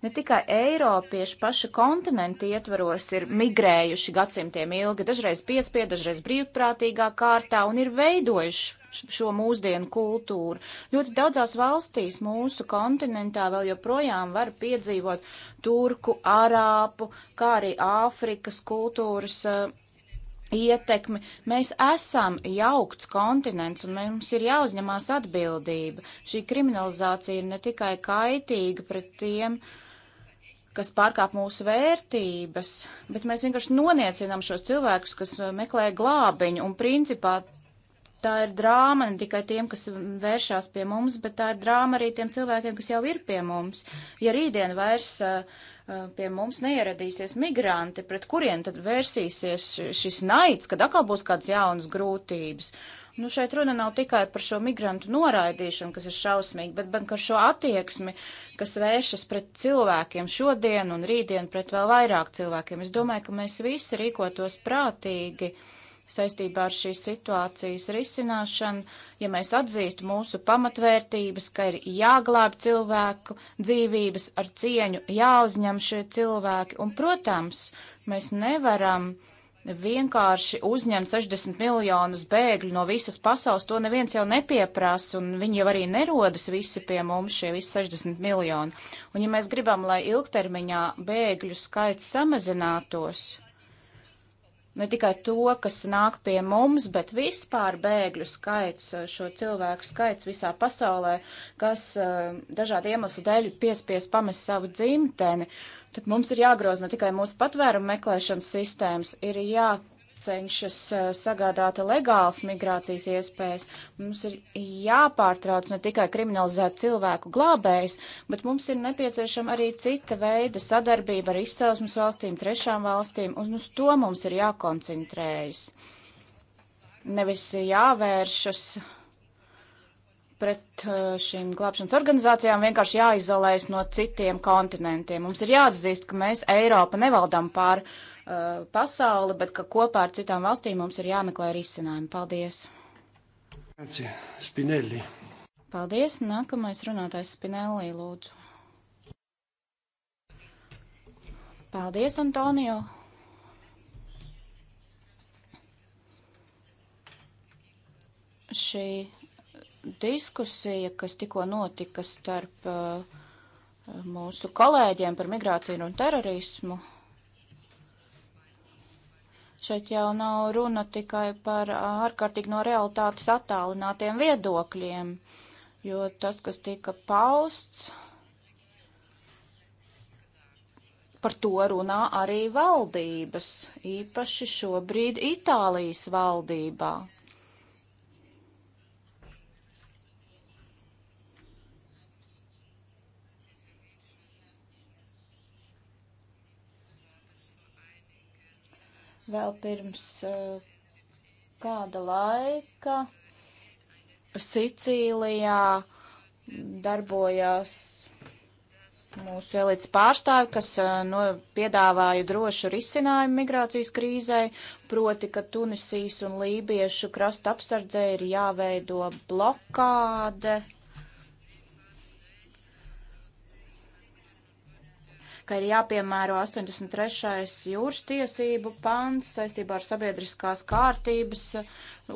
Ne tikai Eiropieši paši kontinenti ietvaros ir migrējuši gadsimtiem ilgi, dažreiz piespiedu, dažreiz brīvprātīgā kārtā un ir veidojuši šo mūsdienu kultūru. Ļoti daudzās valstīs mūsu kontinentā vēl joprojām var piedzīvot turku, arāpu, kā arī Āfrikas kultūras uh, ietekmi. Mēs esam jaukts kontinents un mums ir jāuzņemās atbildība. Šī kriminalizācija ir ne tikai kaitīga pret tiem, uh, kas pārkāp mūsu vērtības, bet mēs vienkārši noniecinām šos cilvēkus, kas uh, meklē glābiņu, un principā tā ir drāma ne tikai tiem, kas um, vēršās pie mums, bet tā ir drāma arī tiem cilvēkiem, kas jau ir pie mums. Ja rītdien vairs uh, uh, pie mums neieradīsies migranti, pret kuriem tad vērsīsies šis naids, kad atkal būs kādas jaunas grūtības. Uh, Nu, šeit runa nav tikai par šo migrantu noraidīšanu, kas ir šausmīgi, bet, bet par šo attieksmi, kas vēršas pret cilvēkiem šodien un rītdien pret vēl vairāk cilvēkiem. Es domāju, ka mēs visi rīkotos prātīgi saistībā ar šīs situācijas risināšanu, ja mēs atzīstu mūsu pamatvērtības, ka ir jāglāb cilvēku dzīvības ar cieņu, jāuzņem šie cilvēki, un, protams, mēs nevaram uh, vienkārši uzņemt 60 miljonus bēgļu no visas pasaules, to neviens jau nepieprasa, un viņi jau arī nerodas visi pie mums, šie visi 60 miljoni. Un ja mēs gribam, lai ilgtermiņā bēgļu skaits samazinātos, ne tikai to, kas nāk pie mums, bet vispār bēgļu skaits, šo cilvēku skaits visā pasaulē, kas eh, dažādu iemeslu dēļ piespies pamest savu dzimteni, uh, Tad mums ir jāgroza ne tikai mūsu patvērumu meklēšanas sistēmas, ir jā cenšas eh, sagādāt legālas migrācijas iespējas. Mums ir jāpārtrauc ne tikai kriminalizēt cilvēku glābējs, bet mums ir nepieciešama arī cita veida sadarbība ar izcelsmes valstīm, trešām valstīm, un uz to mums ir jākoncentrējas. Nevis jāvēršas pret uh, šīm glābšanas organizācijām vienkārši jāizolējas no citiem kontinentiem. Mums ir jāatzīst, ka mēs Eiropa nevaldam pār uh, pasauli, bet ka kopā ar citām valstīm mums ir jāmeklē risinājumi. Paldies! Spinelli. Paldies! Nākamais runātājs Spinelli, lūdzu. Paldies, Antonio! Šī diskusija, kas tikko notika starp eh, mūsu kolēģiem par migrāciju un terorismu. Šeit jau nav runa tikai par ārkārtīgi no realitātes attālinātiem viedokļiem, jo tas, kas tika pausts, par to runā arī valdības, īpaši šobrīd Itālijas valdībā Vēl pirms eh, kāda laika Sicīlijā darbojās mūsu elites pārstāvi, kas eh, no, piedāvāja drošu risinājumu migrācijas krīzei, proti, ka Tunisijas un Lībiešu krasta apsardzē ir jāveido blokāde ka ir jāpiemēro 83. jūras tiesību pants saistībā ar sabiedriskās kārtības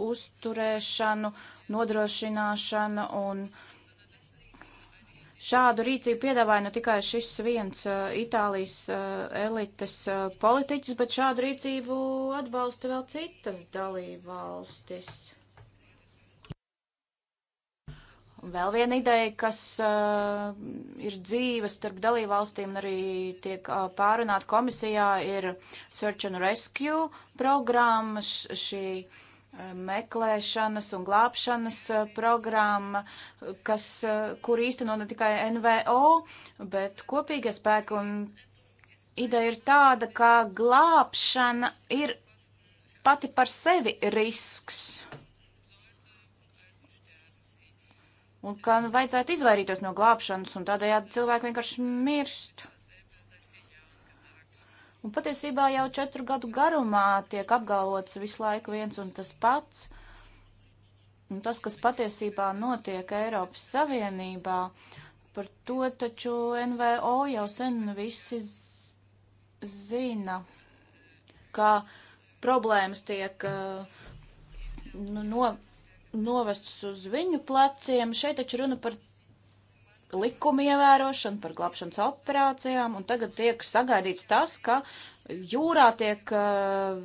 uzturēšanu, nodrošināšanu un šādu rīcību piedāvāja ne tikai šis viens uh, Itālijas uh, elites uh, politiķis, bet šādu rīcību atbalsta vēl citas dalībvalstis. Vēl viena ideja, kas uh, ir dzīva starp dalībvalstīm un arī tiek uh, pārunāta komisijā, ir Search and Rescue programma, šī uh, meklēšanas un glābšanas uh, programma, kas, uh, kur īsteno ne tikai NVO, bet kopīgie spēki. Un ideja ir tāda, ka glābšana ir pati par sevi risks un ka nu, vajadzētu izvairīties no glābšanas, un tādējādi cilvēki vienkārši mirst. Un patiesībā jau četru gadu garumā tiek apgalvots visu laiku viens un tas pats. Un tas, kas patiesībā notiek Eiropas Savienībā, par to taču NVO jau sen visi zina, ka problēmas tiek uh, nu, no, novestas uz viņu pleciem. Šeit taču runa par likumu ievērošanu, par glābšanas operācijām, un tagad tiek sagaidīts tas, ka jūrā tiek uh,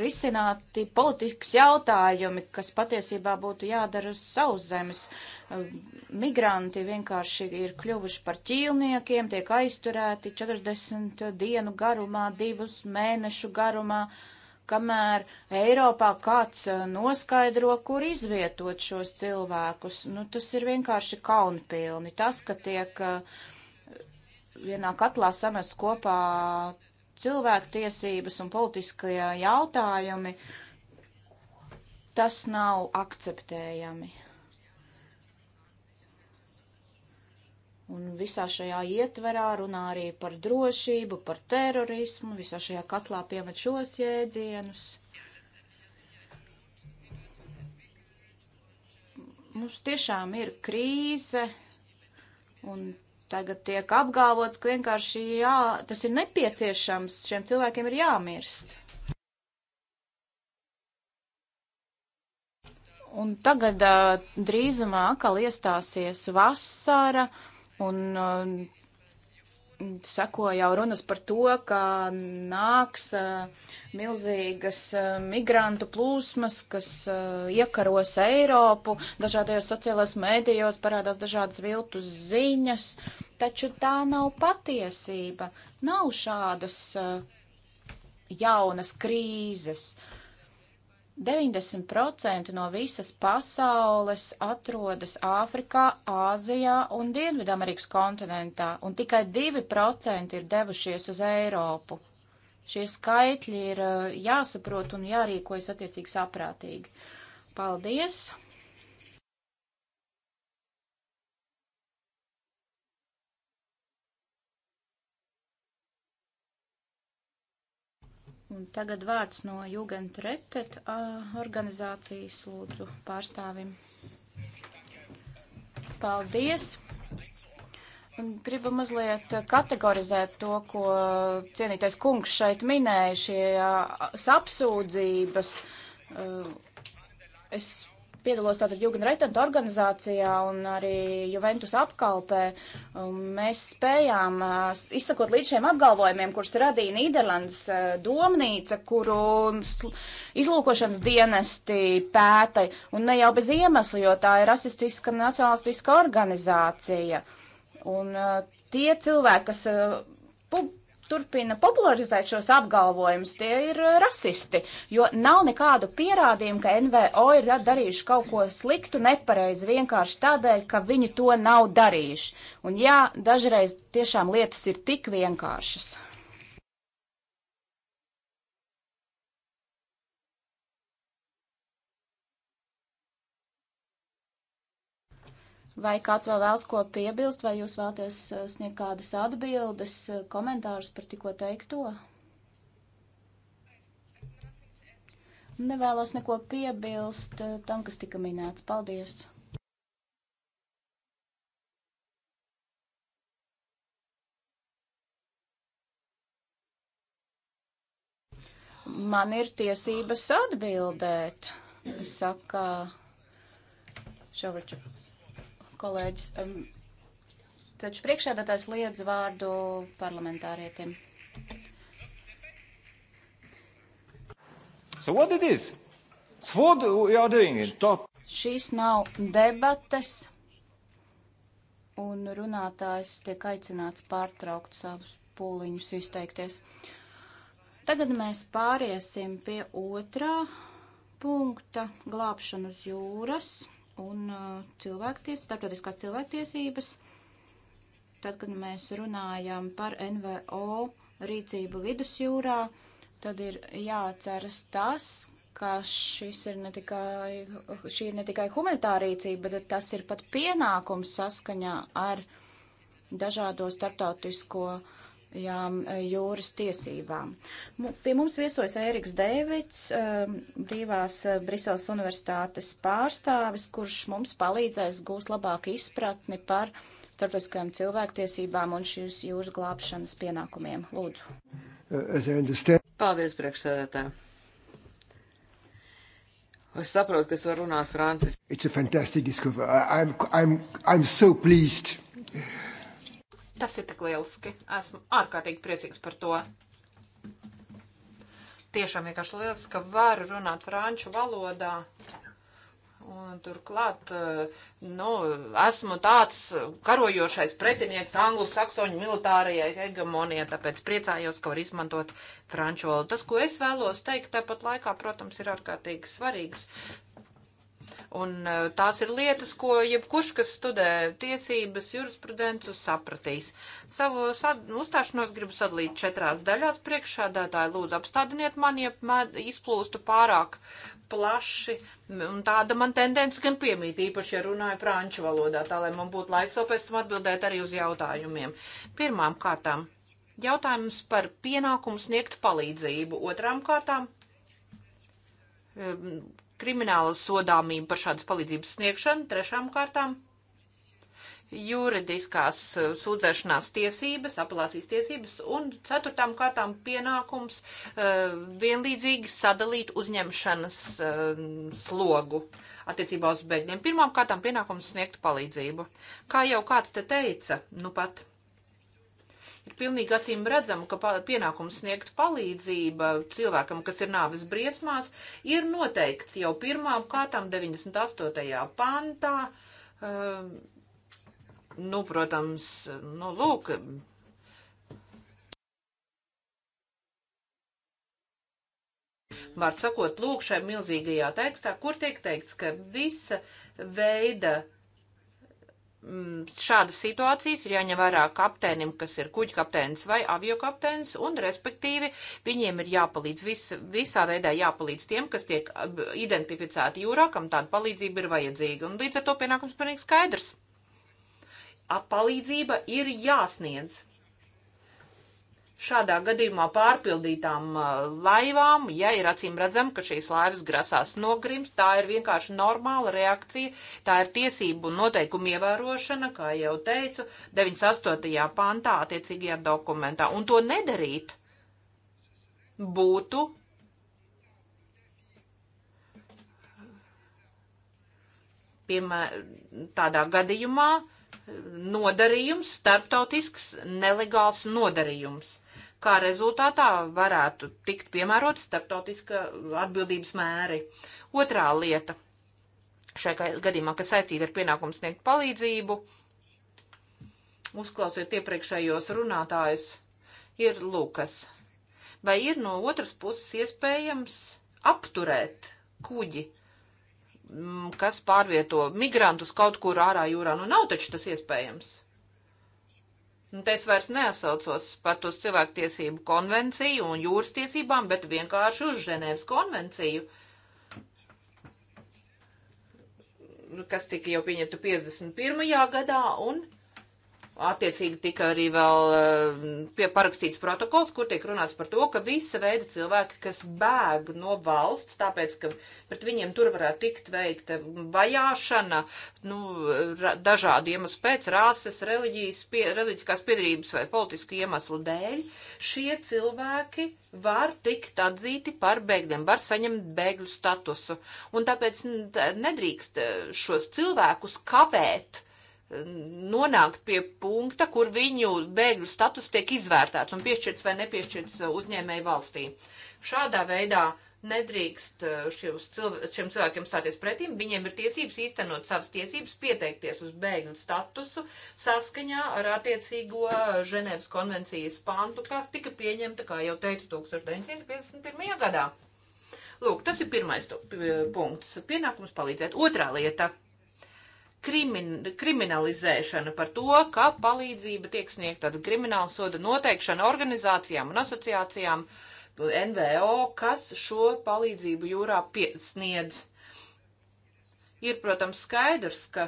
risināti politikas jautājumi, kas patiesībā būtu jādara uz sauszemes. Uh, migranti vienkārši ir kļuvuši par ķīlniekiem, tiek aizturēti 40 dienu garumā, divus mēnešu garumā. Uh, kamēr Eiropā kāds eh, noskaidro, kur izvietot šos cilvēkus. Nu, tas ir vienkārši kaunpilni. Tas, ka tiek eh, vienā katlā samest kopā cilvēktiesības un politiskie jautājumi, tas nav akceptējami. Un visā šajā ietverā runā arī par drošību, par terorismu, visā šajā katlā piemet šos jēdzienus. Mums tiešām ir krīze, un tagad tiek apgalvots, ka vienkārši jā, tas ir nepieciešams, šiem cilvēkiem ir jāmirst. Un tagad drīzumā atkal iestāsies vasara. Uh, Un uh, seko jau runas par to, ka nāks uh, milzīgas uh, migrantu plūsmas, kas iekaros Eiropu, dažādajos sociālajos mēdījos parādās dažādas viltus ziņas, taču tā nav patiesība. Nav šādas jaunas krīzes. Uh, 90% no visas pasaules atrodas Āfrikā, Āzijā un Dienvidamerikas kontinentā, un tikai 2% ir devušies uz Eiropu. Šie skaitļi ir uh, jāsaprot un jārīkojas attiecīgi saprātīgi. Paldies! Un tagad vārds no Jugend Retet organizācijas lūdzu pārstāvim. Paldies! Gribu mazliet kategorizēt to, ko cienītais kungs šeit minēja, šie apsūdzības. Uh, es piedalos tātad Jugendreitentu organizācijā un arī Juventus apkalpē. Mēs spējām izsakot līdz šiem apgalvojumiem, kurus radīja Nīderlandes domnīca, kuru izlūkošanas dienesti pēta, un ne jau bez iemesla, jo tā ir rasistiska nacionalistiska organizācija. Un tie cilvēki, kas turpina popularizēt šos apgalvojumus, tie ir eh, rasisti, jo nav nekādu pierādījumu, ka NVO ir darījuši kaut ko sliktu, nepareizi, vienkārši tādēļ, ka viņi to nav darījuši. Un jā, dažreiz tiešām lietas ir tik vienkāršas. Vai kāds vēl vēlas ko piebilst, vai jūs vēlaties eh, sniegt kādas atbildes, eh, komentārus par tikko teikto? Nevēlos neko piebilst eh, tam, kas tika minēts. Paldies! Man ir tiesības atbildēt, saka Šovričs kolēģis. Um, taču priekšēdātājs liedz vārdu parlamentārietiem. So what it is? So what we are doing is top. Šīs nav debates, un runātājs tiek aicināts pārtraukt savus pūliņus izteikties. Tagad mēs pāriesim pie otrā punkta - glābšanu uz jūras un uh, cilvēkties, starptautiskās cilvēktiesības. Tad, kad mēs runājam par NVO rīcību vidusjūrā, tad ir jāatceras tas, ka šis ir ne tikai, šī ir ne tikai humanitāra rīcība, bet tas ir pat pienākums saskaņā ar dažādo starptautisko uh, kopējām e, jūras tiesībām. Pie mums viesojas Ēriks Deivids, e, brīvās e, Briseles universitātes pārstāvis, kurš mums palīdzēs gūst labāku izpratni par starptautiskajām cilvēktiesībām un šīs jūras glābšanas pienākumiem. Lūdzu. Uh, Paldies, priekšsēdētāji. Es saprotu, ka es varu runāt franciski. It's a fantastic discovery. I'm, I'm, I'm so pleased. Tas ir tik lieliski. Esmu ārkārtīgi priecīgs par to. Tiešām vienkārši lieliski, ka varu runāt franču valodā. Un turklāt, eh, nu, esmu tāds karojošais pretinieks anglu saksoņu militārajai hegemonijai, tāpēc priecājos, ka var izmantot franču valodu. Tas, ko es vēlos teikt, tāpat laikā, protams, ir ārkārtīgi svarīgs Un eh, tās ir lietas, ko jebkurš, kas studē tiesības, jurisprudentu, sapratīs. Savu sad uzstāšanos gribu sadalīt četrās daļās. Priekšādātāji lūdzu apstādiniet mani, ja izplūstu pārāk plaši. Un tāda man tendence gan piemīt, īpaši, ja runāju franču valodā, tā lai man būtu laiks vēl pēc tam atbildēt arī uz jautājumiem. Pirmām kārtām jautājums par pienākumu sniegt palīdzību. Otrām kārtām kriminālas sodāmību par šādas palīdzības sniegšanu, trešām kārtām juridiskās uh, sūdzēšanās tiesības, apelācijas tiesības un ceturtām kārtām pienākums uh, vienlīdzīgi sadalīt uzņemšanas uh, slogu attiecībā uz bēgļiem. Pirmām kārtām pienākums sniegt palīdzību. Kā jau kāds te teica, nu pat ir pilnīgi acīm redzama, ka pienākums sniegt palīdzību cilvēkam, kas ir nāves briesmās, ir noteikts jau pirmām kārtām 98. pantā. Um, nu, protams, nu, lūk, var sakot, lūk, šajā milzīgajā tekstā, kur tiek teikts, ka visa veida Mm, šādas situācijas ir jāņem vērā kapteinim, kas ir kuģa kapteinis vai avio kapteinis, un respektīvi viņiem ir jāpalīdz, vis, visā veidā jāpalīdz tiem, kas tiek identificēti jūrā, kam tāda palīdzība ir vajadzīga. Un līdz ar to pienākums pilnīgi skaidrs. Palīdzība ir jāsniedz šādā gadījumā pārpildītām uh, laivām, ja ir acīm redzam, ka šīs laivas grasās nogrimt, tā ir vienkārši normāla reakcija, tā ir tiesību un noteikumu ievērošana, kā jau teicu, 98. pantā attiecīgajā dokumentā. Un to nedarīt būtu piemēram, tādā gadījumā nodarījums, starptautisks nelegāls nodarījums kā rezultātā varētu tikt piemērot starptautiska atbildības mēri. Otrā lieta šajā gadījumā, kas saistīta ar pienākumu sniegt palīdzību, uzklausot iepriekšējos runātājus, ir Lukas. Vai ir no otras puses iespējams apturēt kuģi, mm, kas pārvieto migrantus kaut kur ārā jūrā? Nu, nav taču tas iespējams. Un nu, te es vairs neasaucos pat uz cilvēktiesību konvenciju un jūras tiesībām, bet vienkārši uz Ženēvas konvenciju, kas tika jau pieņemta 51. gadā un Attiecīgi tika arī vēl eh, pieparakstīts protokols, kur tiek runāts par to, ka visa veida cilvēki, kas bēg no valsts, tāpēc, ka pret viņiem tur varētu tikt veikta vajāšana, nu, dažādu iemeslu pēc, rāses, reliģijas, pie, reliģiskās piedarības vai politisku iemeslu dēļ, šie cilvēki var tikt atzīti par bēgļiem, var saņemt bēgļu statusu. Un tāpēc nedrīkst eh, šos cilvēkus kavēt nonākt pie punkta, kur viņu bēgļu status tiek izvērtēts un piešķirts vai nepiešķirts uh, uzņēmēju valstī. Šādā veidā nedrīkst uh, cilvē, šiem cilvēkiem stāties pretim, viņiem ir tiesības īstenot savas tiesības, pieteikties uz bēgļu statusu saskaņā ar attiecīgo uh, Ženēvas konvencijas pantu, kas tika pieņemta, kā jau teicu, 1951. gadā. Lūk, tas ir pirmais punkts - pienākums palīdzēt. Otrā lieta - krimin, kriminalizēšana par to, ka palīdzība tiek sniegta krimināla soda noteikšana organizācijām un asociācijām, NVO, kas šo palīdzību jūrā pie, sniedz. Ir, protams, skaidrs, ka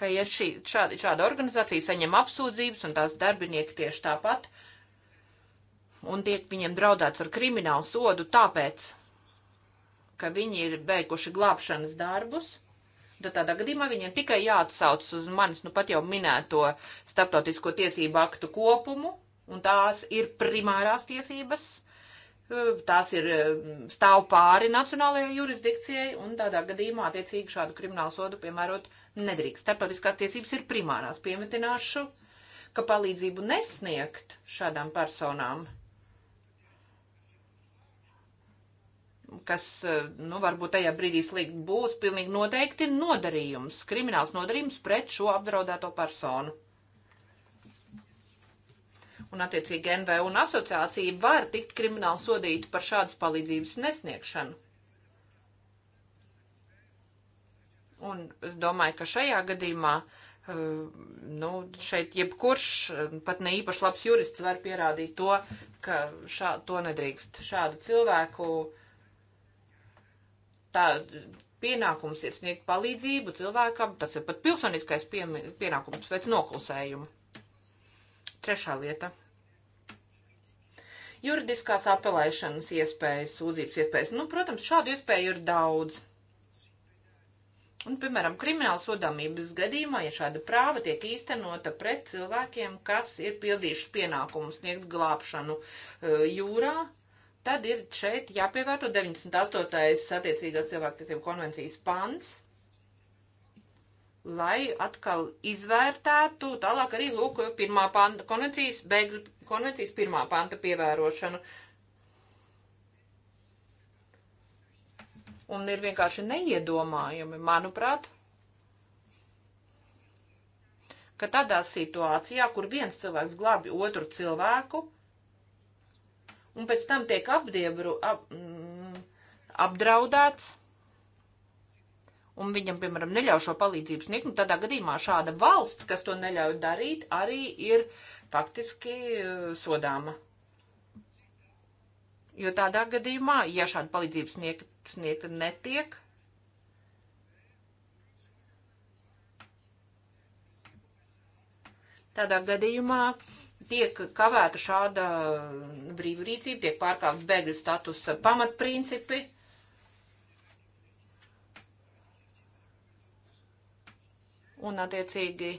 ka ja šī, šāda, šāda organizācija saņem apsūdzības un tās darbinieki tieši tāpat, un tiek viņiem draudāts ar kriminālu sodu, tāpēc ka viņi ir beiguši glābšanas darbus, tad tādā gadījumā viņiem tikai jāatsauc uz manis, nu pat jau minēto starptautisko tiesību aktu kopumu, un tās ir primārās tiesības, eh, tās ir eh, stāv pāri nacionālajai jurisdikcijai, un tādā gadījumā attiecīgi šādu kriminālu sodu piemērot nedrīkst. Starptautiskās tiesības ir primārās piemetināšu, ka palīdzību nesniegt šādām personām – kas, eh, nu, varbūt tajā brīdī slikti būs, pilnīgi noteikti nodarījums, krimināls nodarījums pret šo apdraudēto personu. Un, attiecīgi, NVO un asociācija var tikt krimināli sodīti par šādas palīdzības nesniegšanu. Un es domāju, ka šajā gadījumā uh, Uh, nu, šeit jebkurš, eh, pat ne īpaši labs jurists, var pierādīt to, ka šā, to nedrīkst šādu cilvēku uh, tā pienākums ir sniegt palīdzību cilvēkam, tas ir pat pilsoniskais pienākums pēc noklusējuma. Trešā lieta. Juridiskās apelēšanas iespējas, sūdzības iespējas. Nu, protams, šādu iespēju ir daudz. Un, piemēram, krimināla sodāmības gadījumā, ja šāda prāva tiek īstenota pret cilvēkiem, kas ir pildījuši pienākumu sniegt glābšanu uh, jūrā, tad ir šeit jāpievērto 98. attiecīgās cilvēktiesību konvencijas pants, lai atkal izvērtētu tālāk arī lūk pirmā panta konvencijas, bēgļu konvencijas pirmā panta pievērošanu. Un ir vienkārši neiedomājami, manuprāt, ka tādā situācijā, kur viens cilvēks glābi otru cilvēku, un pēc tam tiek apdiebru, ap, mm, apdraudēts, un viņam, piemēram, neļauj šo palīdzību sniegt, nu tādā gadījumā šāda valsts, kas to neļauj darīt, arī ir faktiski eh, sodāma. Jo tādā gadījumā, ja šāda palīdzība sniegta sniegt netiek, tādā gadījumā tiek kavēta šāda brīvrīcība, tiek pārkāpt bēgļu statusa pamatprincipi. Un, attiecīgi,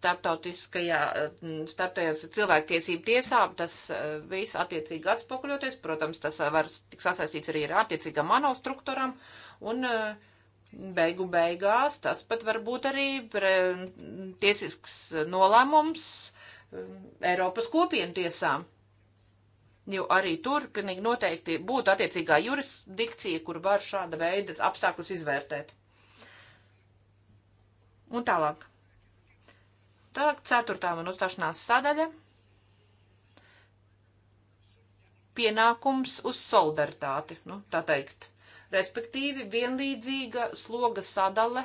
starptautiskajā, starptautiskajā cilvēktiesību tiesā, tas eh, viss attiecīgi atspoguļoties, protams, tas var tik sasaistīts arī ar attiecīgām ANO struktūram, un uh, beigu beigās tas pat var būt arī tiesisks nolēmums um, Eiropas kopienu tiesām. Jo arī tur pilnīgi noteikti būtu attiecīgā jurisdikcija, kur var šāda veida apstākļus izvērtēt. Un tālāk. Tālāk ceturtā man uzstāšanās sadaļa. Pienākums uz solidaritāti, nu, tā teikt respektīvi vienlīdzīga sloga sadale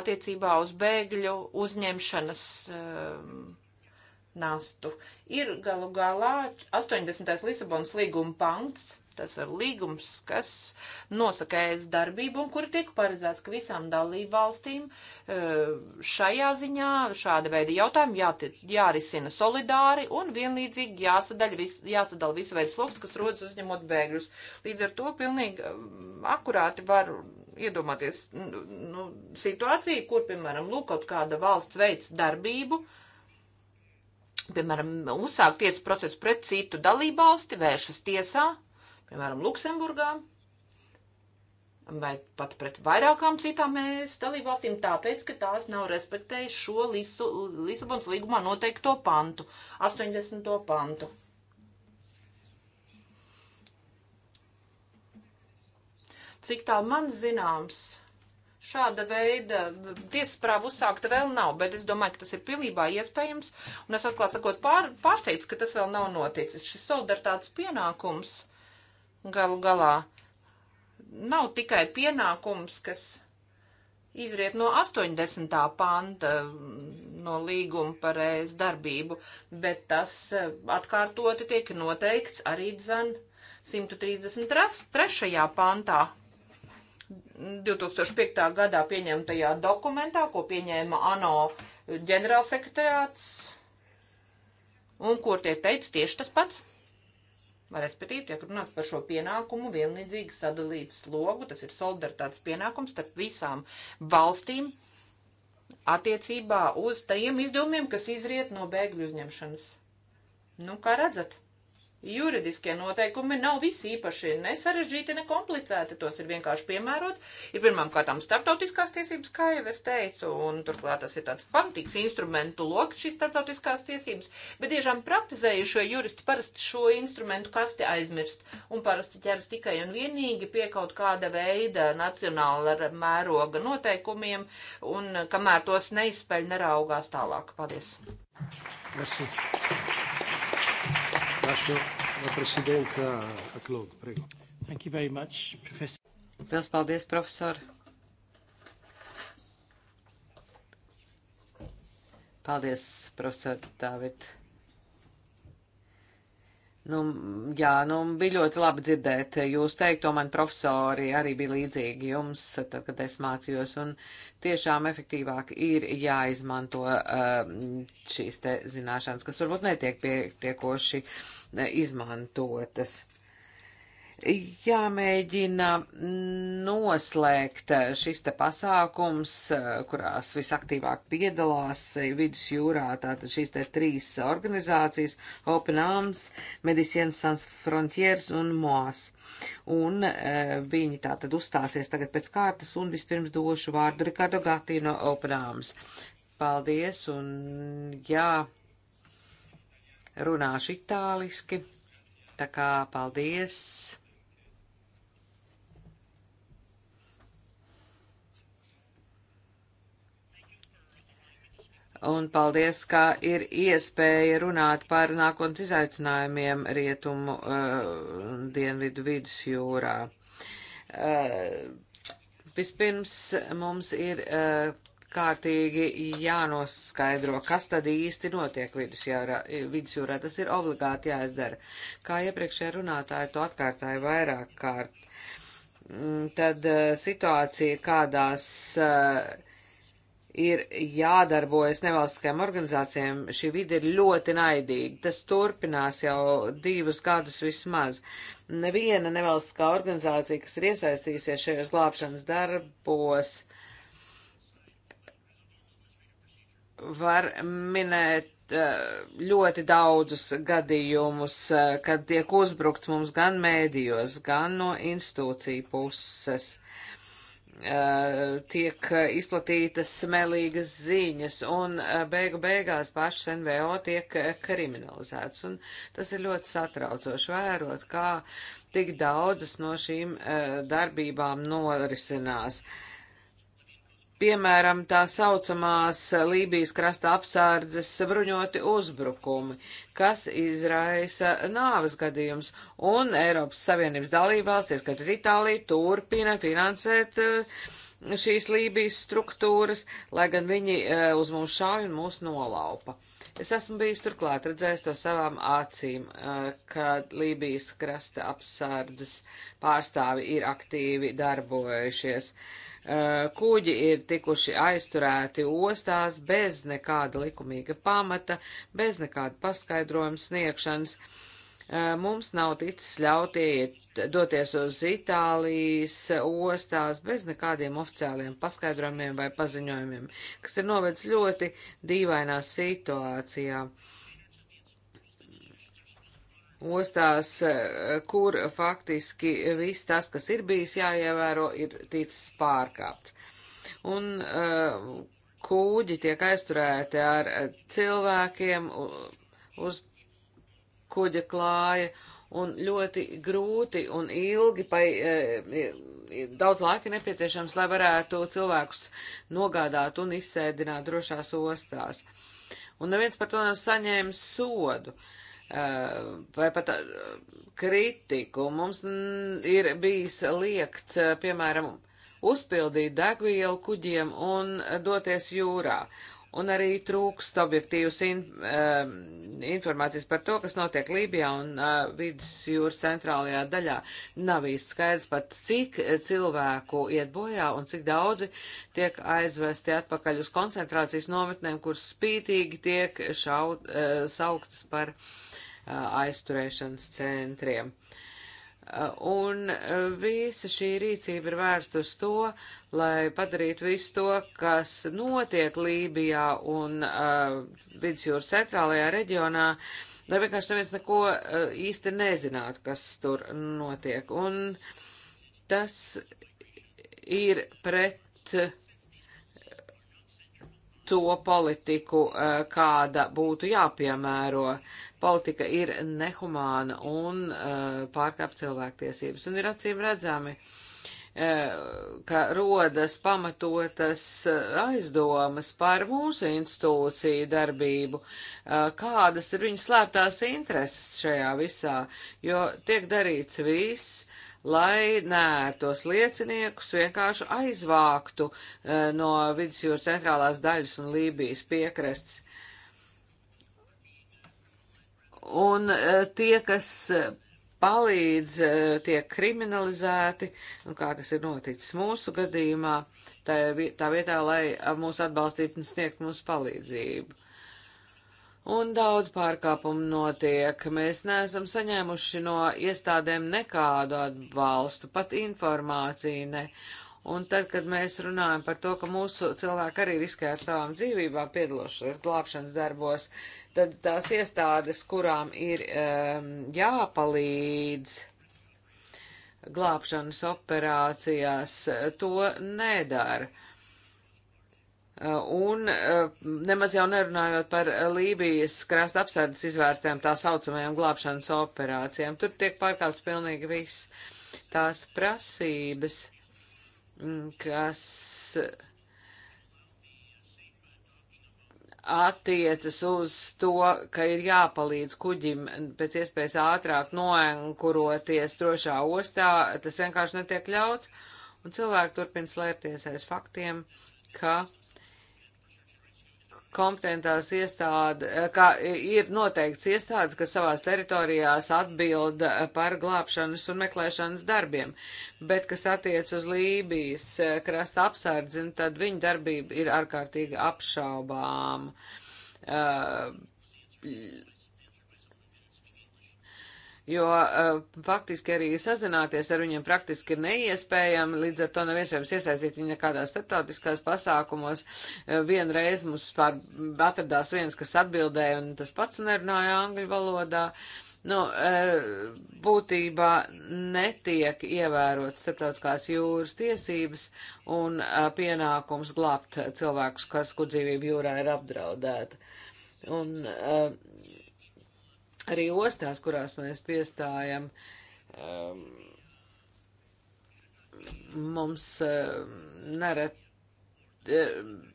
attiecībā uz bēgļu uzņemšanas um, nastu. Ir galu galā 80. Lisabonas līguma pants, tas ir līgums, kas nosaka ēs darbību un kur tiek paredzēts, ka visām dalību valstīm e, šajā ziņā šāda veida jautājumi jā, jārisina solidāri un vienlīdzīgi jāsadaļ, vis, jāsadala visu veidu sloks, kas rodas uzņemot bēgļus. Līdz ar to pilnīgi e, akurāti var iedomāties nu, situāciju, kur, piemēram, lūk, kaut kāda valsts veids darbību, piemēram, uzsākt tiesu procesu pret citu dalībvalsti, vēršas tiesā, piemēram, Luksemburgā, vai pat pret vairākām citām mēs e dalībvalstīm, tāpēc, ka tās nav respektējušas šo Lisu, Lisabonas līgumā noteikto pantu, 80. pantu. Cik tā man zināms, šāda veida tiesasprāva uzsākta vēl nav, bet es domāju, ka tas ir pilnībā iespējams, un es atklāt sakot pār, pārsteidz, ka tas vēl nav noticis. Šis solidaritātes pienākums – Galu galā nav tikai pienākums, kas izriet no 80. panta mm, no līguma par ēst darbību, bet tas eh, atkārtoti tiek noteikts arī dzan 133. pantā. 2005. gadā pieņemtajā dokumentā, ko pieņēma ANO ģenerālsekretariāts, un kur tie teica tieši tas pats. Respektīvi, tiek runāts par šo pienākumu vienlīdzīgi sadalīt slogu, tas ir solidaritātes pienākums starp visām valstīm attiecībā uz tajiem izdevumiem, kas izriet no bēgļu uzņemšanas. Nu, kā redzat, Juridiskie noteikumi nav visi īpaši ne sarežģīti, ne komplicēti. Tos ir vienkārši piemērot. Ir pirmām kārtām starptautiskās tiesības, kā jau es teicu, un turklāt tas ir tāds pamatīgs instrumentu lokus, šīs starptautiskās tiesības, bet diežām praktizējušie juristi parasti šo instrumentu kasti aizmirst un parasti ķeras tikai un vienīgi pie kaut kāda veida nacionāla mēroga noteikumiem un kamēr tos neizspēļ, neraugās tālāk. Paldies! Merci. Ringrazio la presidenza Claude, prego. Thank you very much, professor. Liels paldies, profesor. Paldies, profesor Dāvid. Nu, jā, nu, bija ļoti labi dzirdēt jūs teikto, man profesori arī bija līdzīgi jums, tad, kad es mācījos, un tiešām efektīvāk ir jāizmanto uh, šīs te zināšanas, kas varbūt netiek pietiekoši uh, izmantotas. Jāmēģina noslēgt šis te pasākums, kurās visaktīvāk piedalās vidusjūrā, tātad šīs te trīs organizācijas - Open Arms, Medicines Sans Frontiers un MOAS. Un e, viņi tātad uzstāsies tagad pēc kārtas un vispirms došu vārdu Rikardo Gatī no Open Arms. Paldies un jā runāšu itāliski, tā kā paldies! Un paldies, ka ir iespēja runāt par nākotnes izaicinājumiem rietumu uh, dienvidu vidusjūrā. Uh, vispirms mums ir uh, kārtīgi jānoskaidro, kas tad īsti notiek vidusjūrā. vidusjūrā. Tas ir obligāti jāizdara. Kā iepriekšējā runātāja to atkārtāja vairāk kārt, mm, tad eh, situācija, kādās eh, ir jādarbojas nevalstiskajām organizācijām, šī vide ir ļoti naidīga. Tas turpinās jau divus gadus vismaz. Neviena nevalstiskā organizācija, kas ir iesaistījusies šajos glābšanas darbos, var minēt eh, ļoti daudzus gadījumus, eh, kad tiek uzbrukts mums gan mēdījos, gan no institūciju puses. Eh, tiek izplatītas smelīgas ziņas, un beigu beigās pašas NVO tiek kriminalizētas. Un tas ir ļoti satraucoši vērot, kā tik daudzas no šīm darbībām norisinās. Uh, piemēram, tā saucamās Lībijas krasta apsārdzes bruņoti uzbrukumi, kas izraisa nāves gadījums, un Eiropas Savienības dalībvalsties, kad ir Itālija, turpina finansēt eh, šīs Lībijas struktūras, lai gan viņi eh, uz mums šauj un mūs nolaupa. Es esmu bijis turklāt, redzējis to savām acīm, eh, kad Lībijas krasta apsardzes pārstāvi ir aktīvi darbojušies. Uh, Eh, kuģi ir tikuši aizturēti ostās bez nekāda likumīga pamata, bez nekāda paskaidrojuma sniegšanas. Eh, mums nav ticis ļautiet doties uz Itālijas ostās bez nekādiem oficiāliem paskaidrojumiem vai paziņojumiem, kas ir novedis ļoti dīvainā situācijā. Uh, ostās, eh, kur faktiski viss tas, kas ir bijis jāievēro, ir ticis pārkāpts. Un eh, kūģi tiek aizturēti ar eh, cilvēkiem uz kuģa klāja, un ļoti grūti un ilgi, pa, daudz laika nepieciešams, lai varētu cilvēkus nogādāt un izsēdināt drošās ostās. Un neviens par to nav saņēmis sodu. Uh, Eh, vai pat eh, kritiku. Mums ir bijis liekts, eh, piemēram, uzpildīt degvielu kuģiem un doties jūrā. Un arī trūkst objektīvas in, uh, informācijas par to, kas notiek Lībijā un uh, vidus jūras centrālajā daļā. Nav īsti skaidrs pat, cik cilvēku iet bojā un cik daudzi tiek aizvesti atpakaļ uz koncentrācijas nometnēm, kur spītīgi tiek šaut, uh, sauktas par uh, aizturēšanas centriem. Un visa šī rīcība ir vērsta uz to, lai padarītu visu to, kas notiek Lībijā un uh, vidusjūras centrālajā reģionā, lai vienkārši neviens neko uh, īsti nezinātu, kas tur notiek. Un tas ir pret. Uh, to politiku, eh, kāda būtu jāpiemēro. Politika ir nehumāna un eh, pārkāp cilvēktiesības un ir acīm redzami eh, ka rodas pamatotas aizdomas par mūsu institūciju darbību, kādas ir viņu slēptās intereses šajā visā, jo tiek darīts viss, lai nērtos lieciniekus vienkārši aizvāktu e, no vidusjūras centrālās daļas un Lībijas piekrastes. Un e, tie, kas palīdz, e, tiek kriminalizēti, un kā tas ir noticis mūsu gadījumā, tā, tā vietā, lai mūs atbalstītu un sniegtu mums palīdzību un daudz pārkāpumu notiek. Mēs neesam saņēmuši no iestādēm nekādu atbalstu, pat informāciju ne. Un tad, kad mēs runājam par to, ka mūsu cilvēki arī riskē ar savām dzīvībām piedalošies glābšanas darbos, tad tās iestādes, kurām ir um, jāpalīdz glābšanas operācijās, to nedara. Uh, Un eh, nemaz jau nerunājot par Lībijas krasta apsardzes izvērstēm tā saucamajām glābšanas operācijām, tur tiek pārkāpts pilnīgi viss tās prasības, mm, kas attiecas uz to, ka ir jāpalīdz kuģim pēc iespējas ātrāk noenkuroties drošā ostā, tas vienkārši netiek ļauts, un cilvēki turpina slēpties aiz faktiem, ka kompetentās iestāde, eh, ka ir noteikts iestādes, kas savās teritorijās atbild eh, par glābšanas un meklēšanas darbiem, bet kas attiec uz Lībijas eh, krasta apsardzi, nu, tad viņa darbība ir ārkārtīgi apšaubām. Uh, jo uh, faktiski arī sazināties ar viņiem praktiski ir neiespējami, līdz ar to nav iespējams iesaistīt viņu nekādās starptautiskās pasākumos. Uh, vienreiz mums pār atradās viens, kas atbildēja, un tas pats nerunāja angļu valodā. Nu, uh, būtībā netiek ievērot starptautiskās jūras tiesības un pienākums glābt cilvēkus, kas, kur dzīvība jūrā ir apdraudēta. Un, uh, arī ostās, kurās mēs piestājam, um, mums uh, neret. Uh,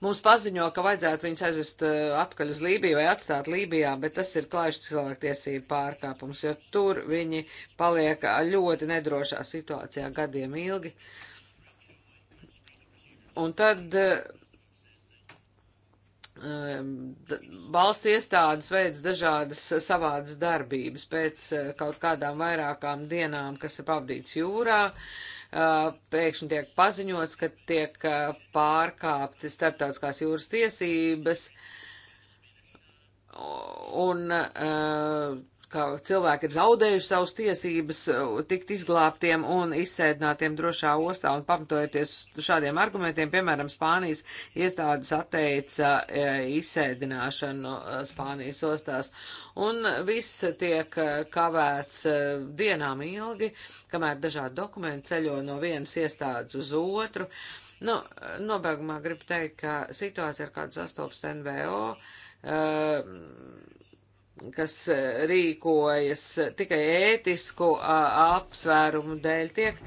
mums paziņo, ka vajadzētu viņus aizvest uh, atpakaļ uz Lībiju vai atstāt Lībijā, bet tas ir klājuši cilvēktiesību pārkāpums, jo tur viņi paliek uh, ļoti nedrošā situācijā gadiem ilgi. Un tad uh, valsts iestādes veids dažādas savādas darbības pēc eh, kaut kādām vairākām dienām, kas ir pavadīts jūrā. Eh, pēkšņi tiek paziņots, ka tiek eh, pārkāpti starptautiskās jūras tiesības, un ka cilvēki ir zaudējuši savas tiesības uh, tikt izglābtiem un izsēdinātiem drošā ostā un pamatojoties šādiem argumentiem, piemēram, Spānijas iestādes atteica uh, izsēdināšanu uh, Spānijas ostās. Un viss tiek kavēts dienām ilgi, kamēr dažādi dokumenti ceļo no vienas iestādes uz otru. Nu, nobeigumā gribu teikt, ka situācija, ar kādu sastopas NVO, uh, kas e, rīkojas tikai ētisku apsvērumu dēļ, tiek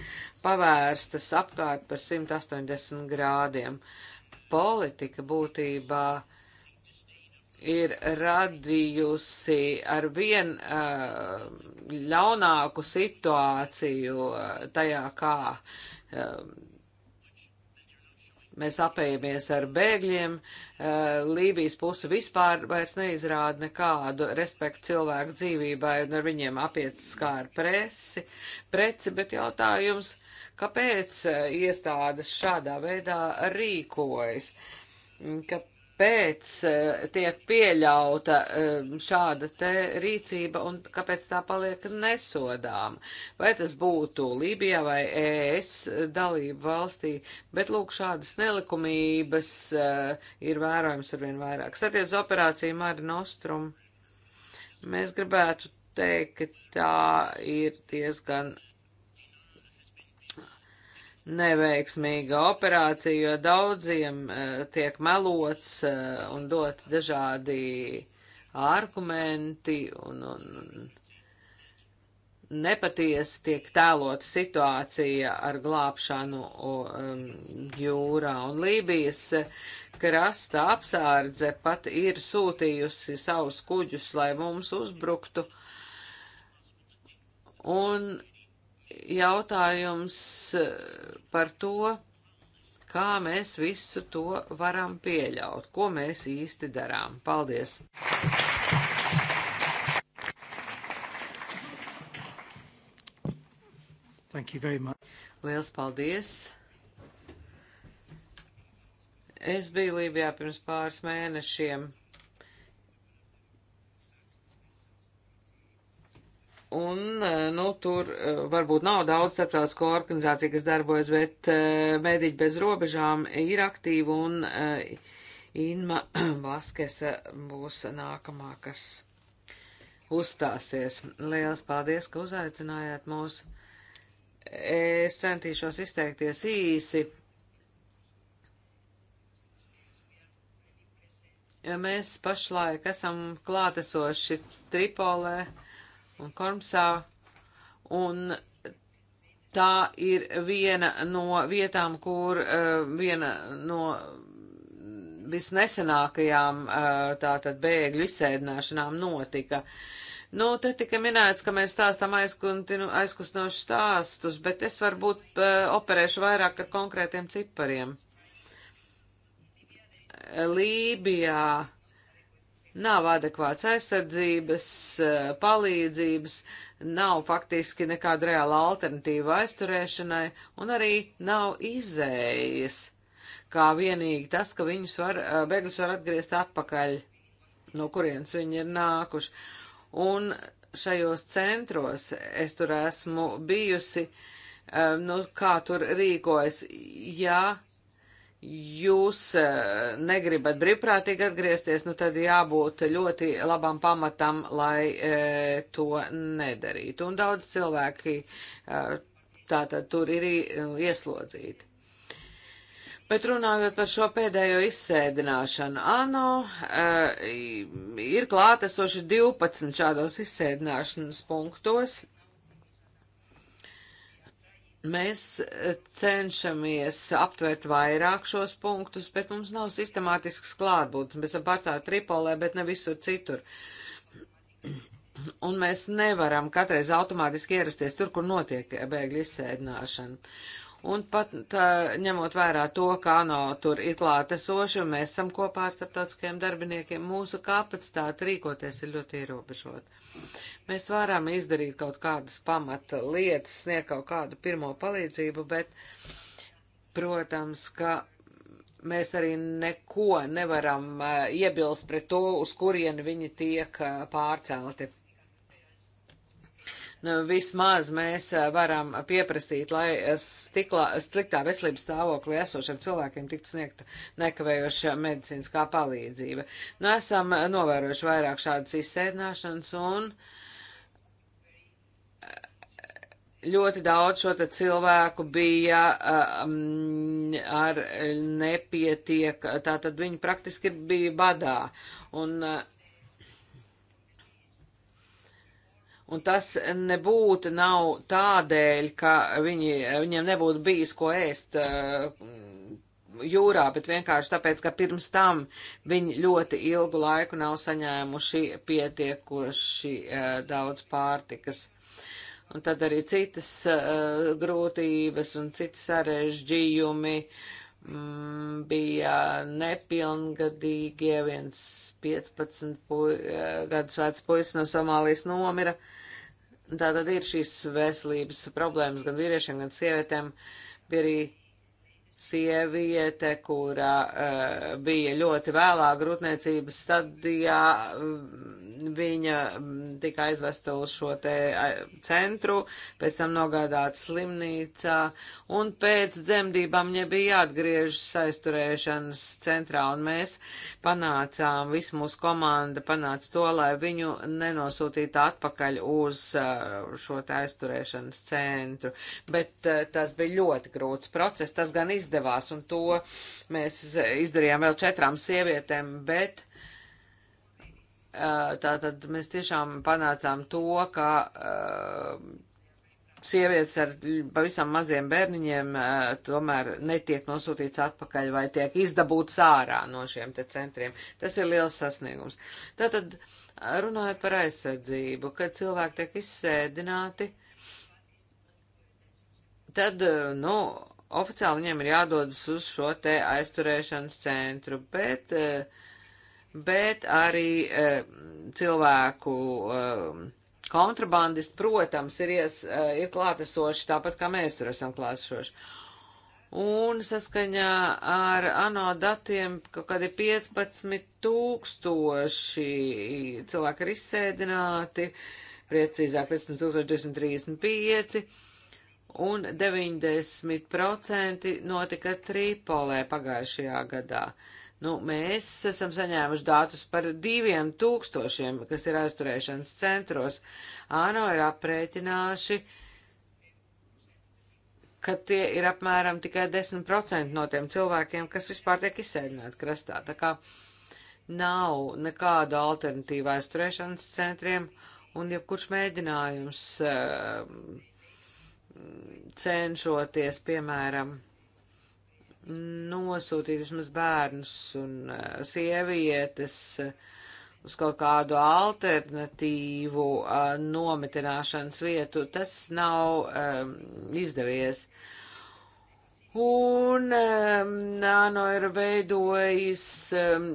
pavērstas apkārt par 180 grādiem. Politika būtībā ir radījusi ar vien uh, ļaunāku situāciju uh, tajā, kā uh, mēs apējamies ar bēgļiem, eh, Lībijas puse vispār vairs neizrāda nekādu respektu cilvēku dzīvībai un ar viņiem apiecas kā ar presi, preci, bet jautājums, kāpēc eh, iestādes šādā veidā rīkojas? Ka kāpēc eh, tiek pieļauta eh, šāda te rīcība un kāpēc tā paliek nesodām. Vai tas būtu Lībijā vai ES dalību valstī, bet lūk šādas nelikumības eh, ir vērojams arvien vairāk. Saties operācija Mari Nostrum. Mēs gribētu teikt, ka tā ir diezgan neveiksmīga operācija, jo daudziem eh, tiek melots eh, un dot dažādi argumenti un, un, un nepatiesi tiek tēlota situācija ar glābšanu um, jūrā. Un Lībijas eh, krasta apsārdze pat ir sūtījusi savus kuģus, lai mums uzbruktu. Un jautājums eh, par to, kā mēs visu to varam pieļaut, ko mēs īsti darām. Paldies! Liels paldies! Es biju Lībijā pirms pāris mēnešiem Un, e, nu, tur e, varbūt nav daudz starptautisko organizāciju, kas darbojas, bet e, Mēdīķi bez robežām ir aktīvi un Inma Vaskese būs nākamā, kas uzstāsies. Lielas paldies, ka uzaicinājāt mūs. Es centīšos izteikties īsi. Ja mēs pašlaik esam klātesoši Tripolē un Kormsā. Un tā ir viena no vietām, kur uh, viena no visnesenākajām uh, tātad bēgļu izsēdināšanām notika. Nu, te tika minēts, ka mēs stāstām aizkustinošu stāstus, bet es varbūt uh, operēšu vairāk ar konkrētiem cipariem. Lībijā nav adekvāts aizsardzības, eh, palīdzības, nav faktiski nekāda reāla alternatīva aizturēšanai un arī nav izējas, kā vienīgi tas, ka viņus var, eh, bēgļus var atgriezt atpakaļ, no kurienes viņi ir nākuši. Un šajos centros es tur esmu bijusi, eh, nu, kā tur rīkojas, ja jūs eh, negribat brīvprātīgi atgriezties, nu tad jābūt ļoti labam pamatam, lai e, to nedarītu. Un daudz cilvēki e, tātad tur ir ieslodzīti. Bet runājot par šo pēdējo izsēdināšanu, ANO e, ir klātesoši 12 šādos izsēdināšanas punktos Mēs eh, cenšamies aptvert vairāk šos punktus, bet mums nav sistemātisks klātbūtnes. Mēs esam pārstāvi Tripolē, bet ne visur citur. Un mēs nevaram katreiz automātiski ierasties tur, kur notiek bēgļu izsēdināšana. Un pat tā, ņemot vērā to, ka ANO tur ir klātesoši un mēs esam kopā ar starptautiskajiem darbiniekiem, mūsu kapacitāte rīkoties ir ļoti ierobežota. Mēs varam izdarīt kaut kādas pamata lietas, sniegt kaut kādu pirmo palīdzību, bet, protams, ka mēs arī neko nevaram uh, iebilst pret to, uz kurieni viņi tiek uh, pārcelti. Nu, vismaz mēs varam pieprasīt, lai stiklā, sliktā veselības stāvoklī esošiem cilvēkiem tiktu sniegta nekavējoša medicīniskā palīdzība. Nu, esam novērojuši vairāk šādas izsēdināšanas un ļoti daudz šo cilvēku bija um, ar nepietiek, tātad viņi praktiski bija badā. Un, uh, Un tas nebūtu nav tādēļ, ka viņi, viņiem nebūtu bijis ko ēst uh, jūrā, bet vienkārši tāpēc, ka pirms tam viņi ļoti ilgu laiku nav saņēmuši pietiekoši uh, daudz pārtikas. Un tad arī citas uh, grūtības un citas sarežģījumi mm, bija nepilngadīgie, viens 15 pu gadus vecs puisis no Somālijas nomira. Tātad ir šīs veselības problēmas gan vīriešiem, gan sievietēm. Bija arī sieviete, kura uh, eh, bija ļoti vēlā grūtniecības stadijā, viņa mm, tika aizvesta uz šo te centru, pēc tam nogādāta slimnīcā, un pēc dzemdībām viņa bija jāatgriežas aizturēšanas centrā, un mēs panācām, visu mūsu komanda panāca to, lai viņu nenosūtītu atpakaļ uz šo te aizturēšanas centru, bet tas bija ļoti grūts process, tas gan izdevās, un to mēs izdarījām vēl četrām sievietēm, bet Eh, tātad mēs tiešām panācām to, ka eh, sievietes ar pavisam maziem bērniņiem eh, tomēr netiek nosūtīts atpakaļ vai tiek izdabūts ārā no šiem te centriem. Tas ir liels sasniegums. Tātad, runājot par aizsardzību, kad cilvēki tiek izsēdināti, tad, nu, oficiāli viņiem ir jādodas uz šo te aizturēšanas centru, bet uh, bet arī e, cilvēku e, kontrabandisti, protams, ir, ies, e, ir klātesoši, tāpat kā mēs tur esam klātesoši. Un saskaņā ar ANO datiem kaut kādi 15 tūkstoši cilvēki ir izsēdināti, precīzāk 15235, un 90% notika Tripolē pagājušajā gadā. Uh, Nu, mēs esam saņēmuši datus par diviem tūkstošiem, kas ir aizturēšanas centros. ANO ir aprēķināši, ka tie ir apmēram tikai 10% no tiem cilvēkiem, kas vispār tiek izsēdināti krastā. Tā kā nav nekādu alternatīvu aizturēšanas centriem, un jebkurš mēģinājums ehm, cenšoties, piemēram, nosūtīt vismaz bērnus un eh, sievietes eh, uz kaut kādu alternatīvu eh, nometināšanas vietu, tas nav um, izdevies. Un um, Nāno ir veidojis um,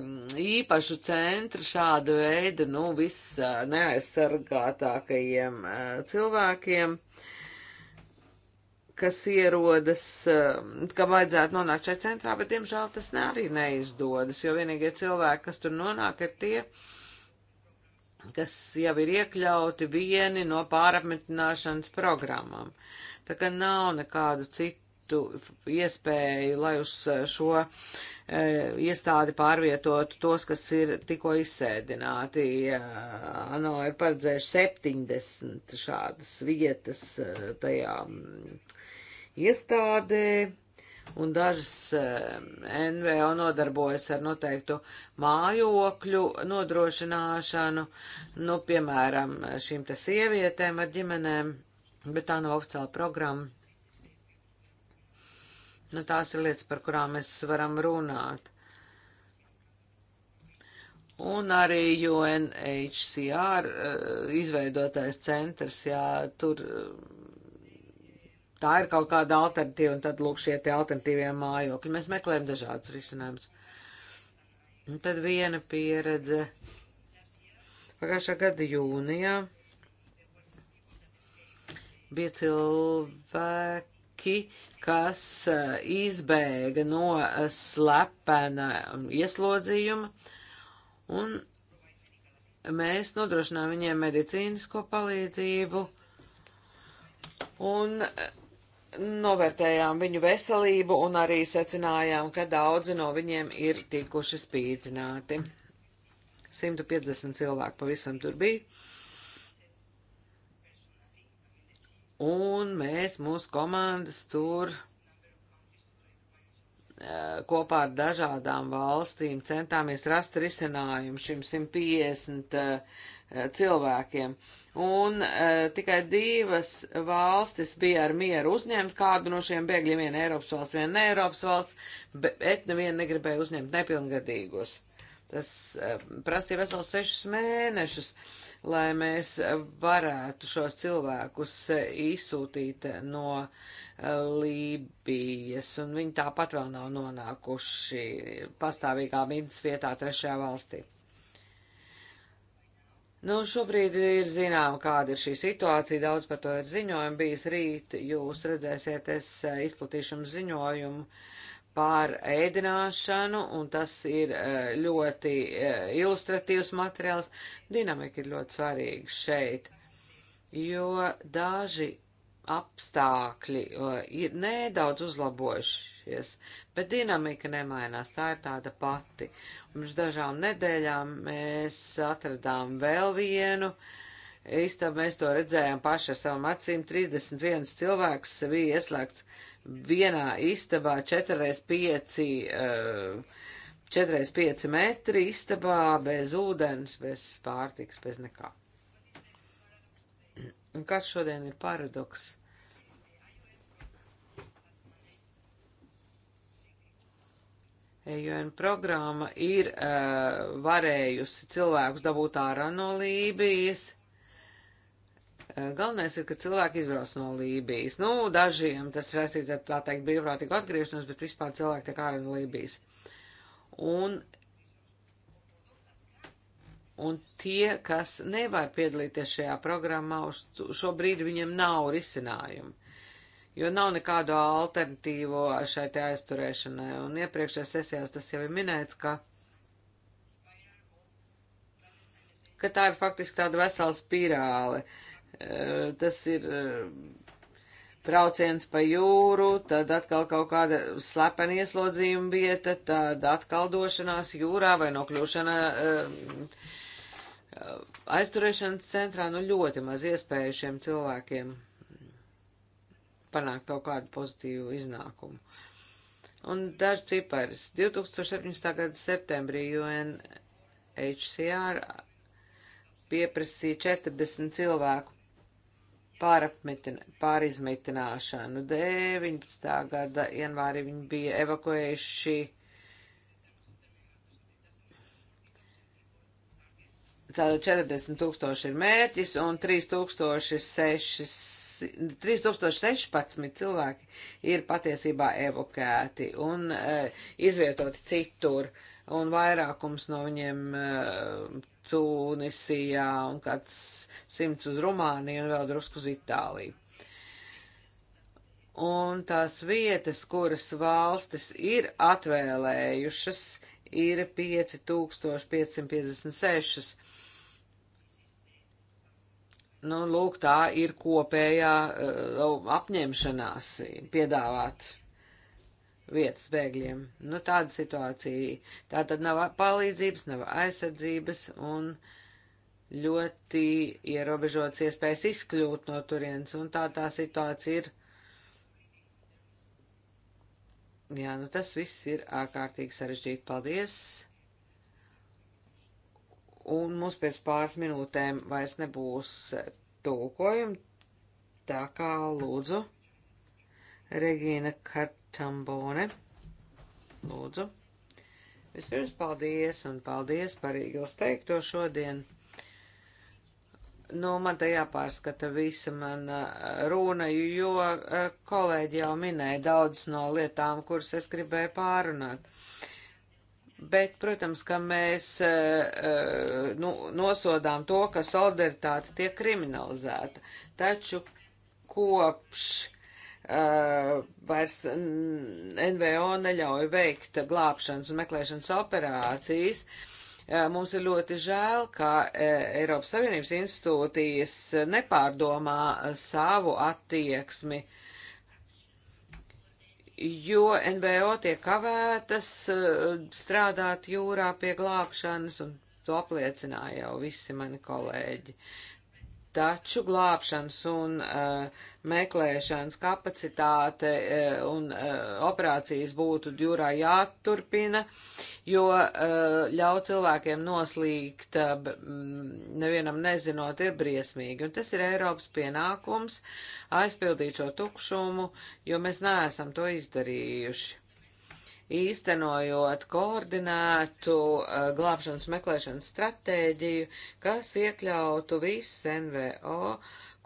īpašu centru šāda veida, nu, viss neaizsargātākajiem uh, cilvēkiem. Uh, kas ierodas, um, kam vajadzētu nonākt šai centrā, bet, diemžēl, tas ne arī neizdodas, jo vienīgie cilvēki, kas tur nonāk, ir tie, kas jau ir iekļauti vieni no pārapmetināšanas programmām. Tā kā nav nekādu citu iespēju, lai uz šo e, iestādi pārvietotu tos, kas ir tikko izsēdināti. ANO ir paredzējuši 70 šādas vietas e, tajā. E, iestādē, un dažas NVO nodarbojas ar noteiktu mājokļu nodrošināšanu, nu, piemēram, šīm te sievietēm ar ģimenēm, bet tā nav oficiāla programma. Nu, tās ir lietas, par kurām mēs varam runāt. Un arī UNHCR eh, izveidotais centrs, jā, tur tā ir kaut kāda alternatīva, un tad lūk šie tie alternatīvie mājokļi. Mēs meklējam dažādus risinājumus. Un tad viena pieredze pagājušā gada jūnijā bija cilvēki, kas eh, izbēga no eh, slepena um, ieslodzījuma, un mēs nodrošinām viņiem medicīnisko palīdzību, un eh, novērtējām viņu veselību un arī secinājām, ka daudzi no viņiem ir tikuši spīdzināti. 150 cilvēku pavisam tur bija. Un mēs, mūsu komandas tur eh, kopā ar dažādām valstīm centāmies rast risinājumu šim 150 eh, cilvēkiem. Uh, un e, tikai divas valstis bija ar mieru uzņemt kādu no šiem bēgļiem, viena Eiropas valsts, viena ne Eiropas valsts, bet neviena negribēja uzņemt nepilngadīgos. Tas e, prasīja vesels sešus mēnešus, lai mēs varētu šos cilvēkus e, izsūtīt no e, Lībijas, un viņi tāpat vēl nav nonākuši pastāvīgā mītnes vietā trešajā valstī. Nu, šobrīd ir zinām, kāda ir šī situācija, daudz par to ir ziņojumi bijis rīt, jūs redzēsiet, es eh, izplatīšu ziņojumu par ēdināšanu, un tas ir eh, ļoti eh, ilustratīvs materiāls. Dinamika ir ļoti svarīga šeit, jo daži apstākļi uh, ir nedaudz uzlabojušies, bet dinamika nemainās, tā ir tāda pati. Pirms dažām nedēļām mēs atradām vēl vienu istabu, mēs to redzējām paši ar savam acīm, 31 cilvēks bija ieslēgts vienā istabā 4x5 uh, 4x5 metri istabā bez ūdens, bez pārtiks, bez nekā. Un kāds šodien ir paradoks? EUN programma ir uh, varējusi cilvēkus dabūt ārā no Lībijas. Uh, galvenais ir, ka cilvēki izbrauc no Lībijas. Nu, dažiem tas saistīts ar tā teikt brīvprātīgu atgriešanos, bet vispār cilvēki tiek ārā no Lībijas. Un Un tie, kas nevar piedalīties šajā programmā, šobrīd viņiem nav risinājumu, jo nav nekādu alternatīvo šai te aizturēšanai. Un iepriekšējās sesijās tas jau ir minēts, ka, ka tā ir faktiski tāda vesela spirāle. E, tas ir e, brauciens pa jūru, tad atkal kaut kāda slepena ieslodzījuma vieta, tad atkal došanās jūrā vai nokļūšana uh, aizturēšanas centrā nu ļoti maz iespēju šiem cilvēkiem panākt kaut kādu pozitīvu iznākumu. Un daži cipars. 2017. gada septembrī UNHCR pieprasīja 40 cilvēku pārizmitināšanu. 19. gada janvārī viņi bija evakuējuši Tātad 40 tūkstoši ir mērķis un 3016 cilvēki ir patiesībā evokēti un e, izvietoti citur, un vairākums no viņiem e, Tunisijā un kāds simts uz Rumāniju un vēl drusku uz Itāliju. Un tās vietas, kuras valstis ir atvēlējušas, ir 5556 Nu, lūk, tā ir kopējā uh, apņemšanās piedāvāt vietas bēgļiem. Nu, tāda situācija. Tā tad nav palīdzības, nav aizsardzības un ļoti ierobežots iespējas izkļūt no turienes, un tā tā situācija ir. Jā, nu tas viss ir ārkārtīgi sarežģīti. Paldies! un mums pēc pāris minūtēm vairs nebūs tulkojumu, tā kā lūdzu, Regīna Kartambone, lūdzu. Vispirms paldies un paldies par jūs teikto šodien. Nu, man te jāpārskata visa mana runa, jo eh, kolēģi jau minēja daudz no lietām, kuras es gribēju pārunāt. Bet, protams, ka mēs eh, nu, nosodām to, ka solidaritāte tiek kriminalizēta. Taču kopš uh, vairs NVO neļauj veikt glābšanas un meklēšanas operācijas, uh, mums ir ļoti žēl, ka uh, Eiropas Savienības institūcijas nepārdomā savu attieksmi uh, jo NBO tiek kavētas eh, strādāt jūrā pie glābšanas, un to apliecināja jau visi mani kolēģi. Taču glābšanas un uh, meklēšanas kapacitāte uh, un uh, operācijas būtu jūrā jāturpina, jo uh, ļauj cilvēkiem noslīgt, uh, nevienam nezinot, ir briesmīgi. Un tas ir Eiropas pienākums aizpildīt šo tukšumu, jo mēs neesam to izdarījuši īstenojot koordinētu uh, glābšanas meklēšanas stratēģiju, kas iekļautu visas NVO,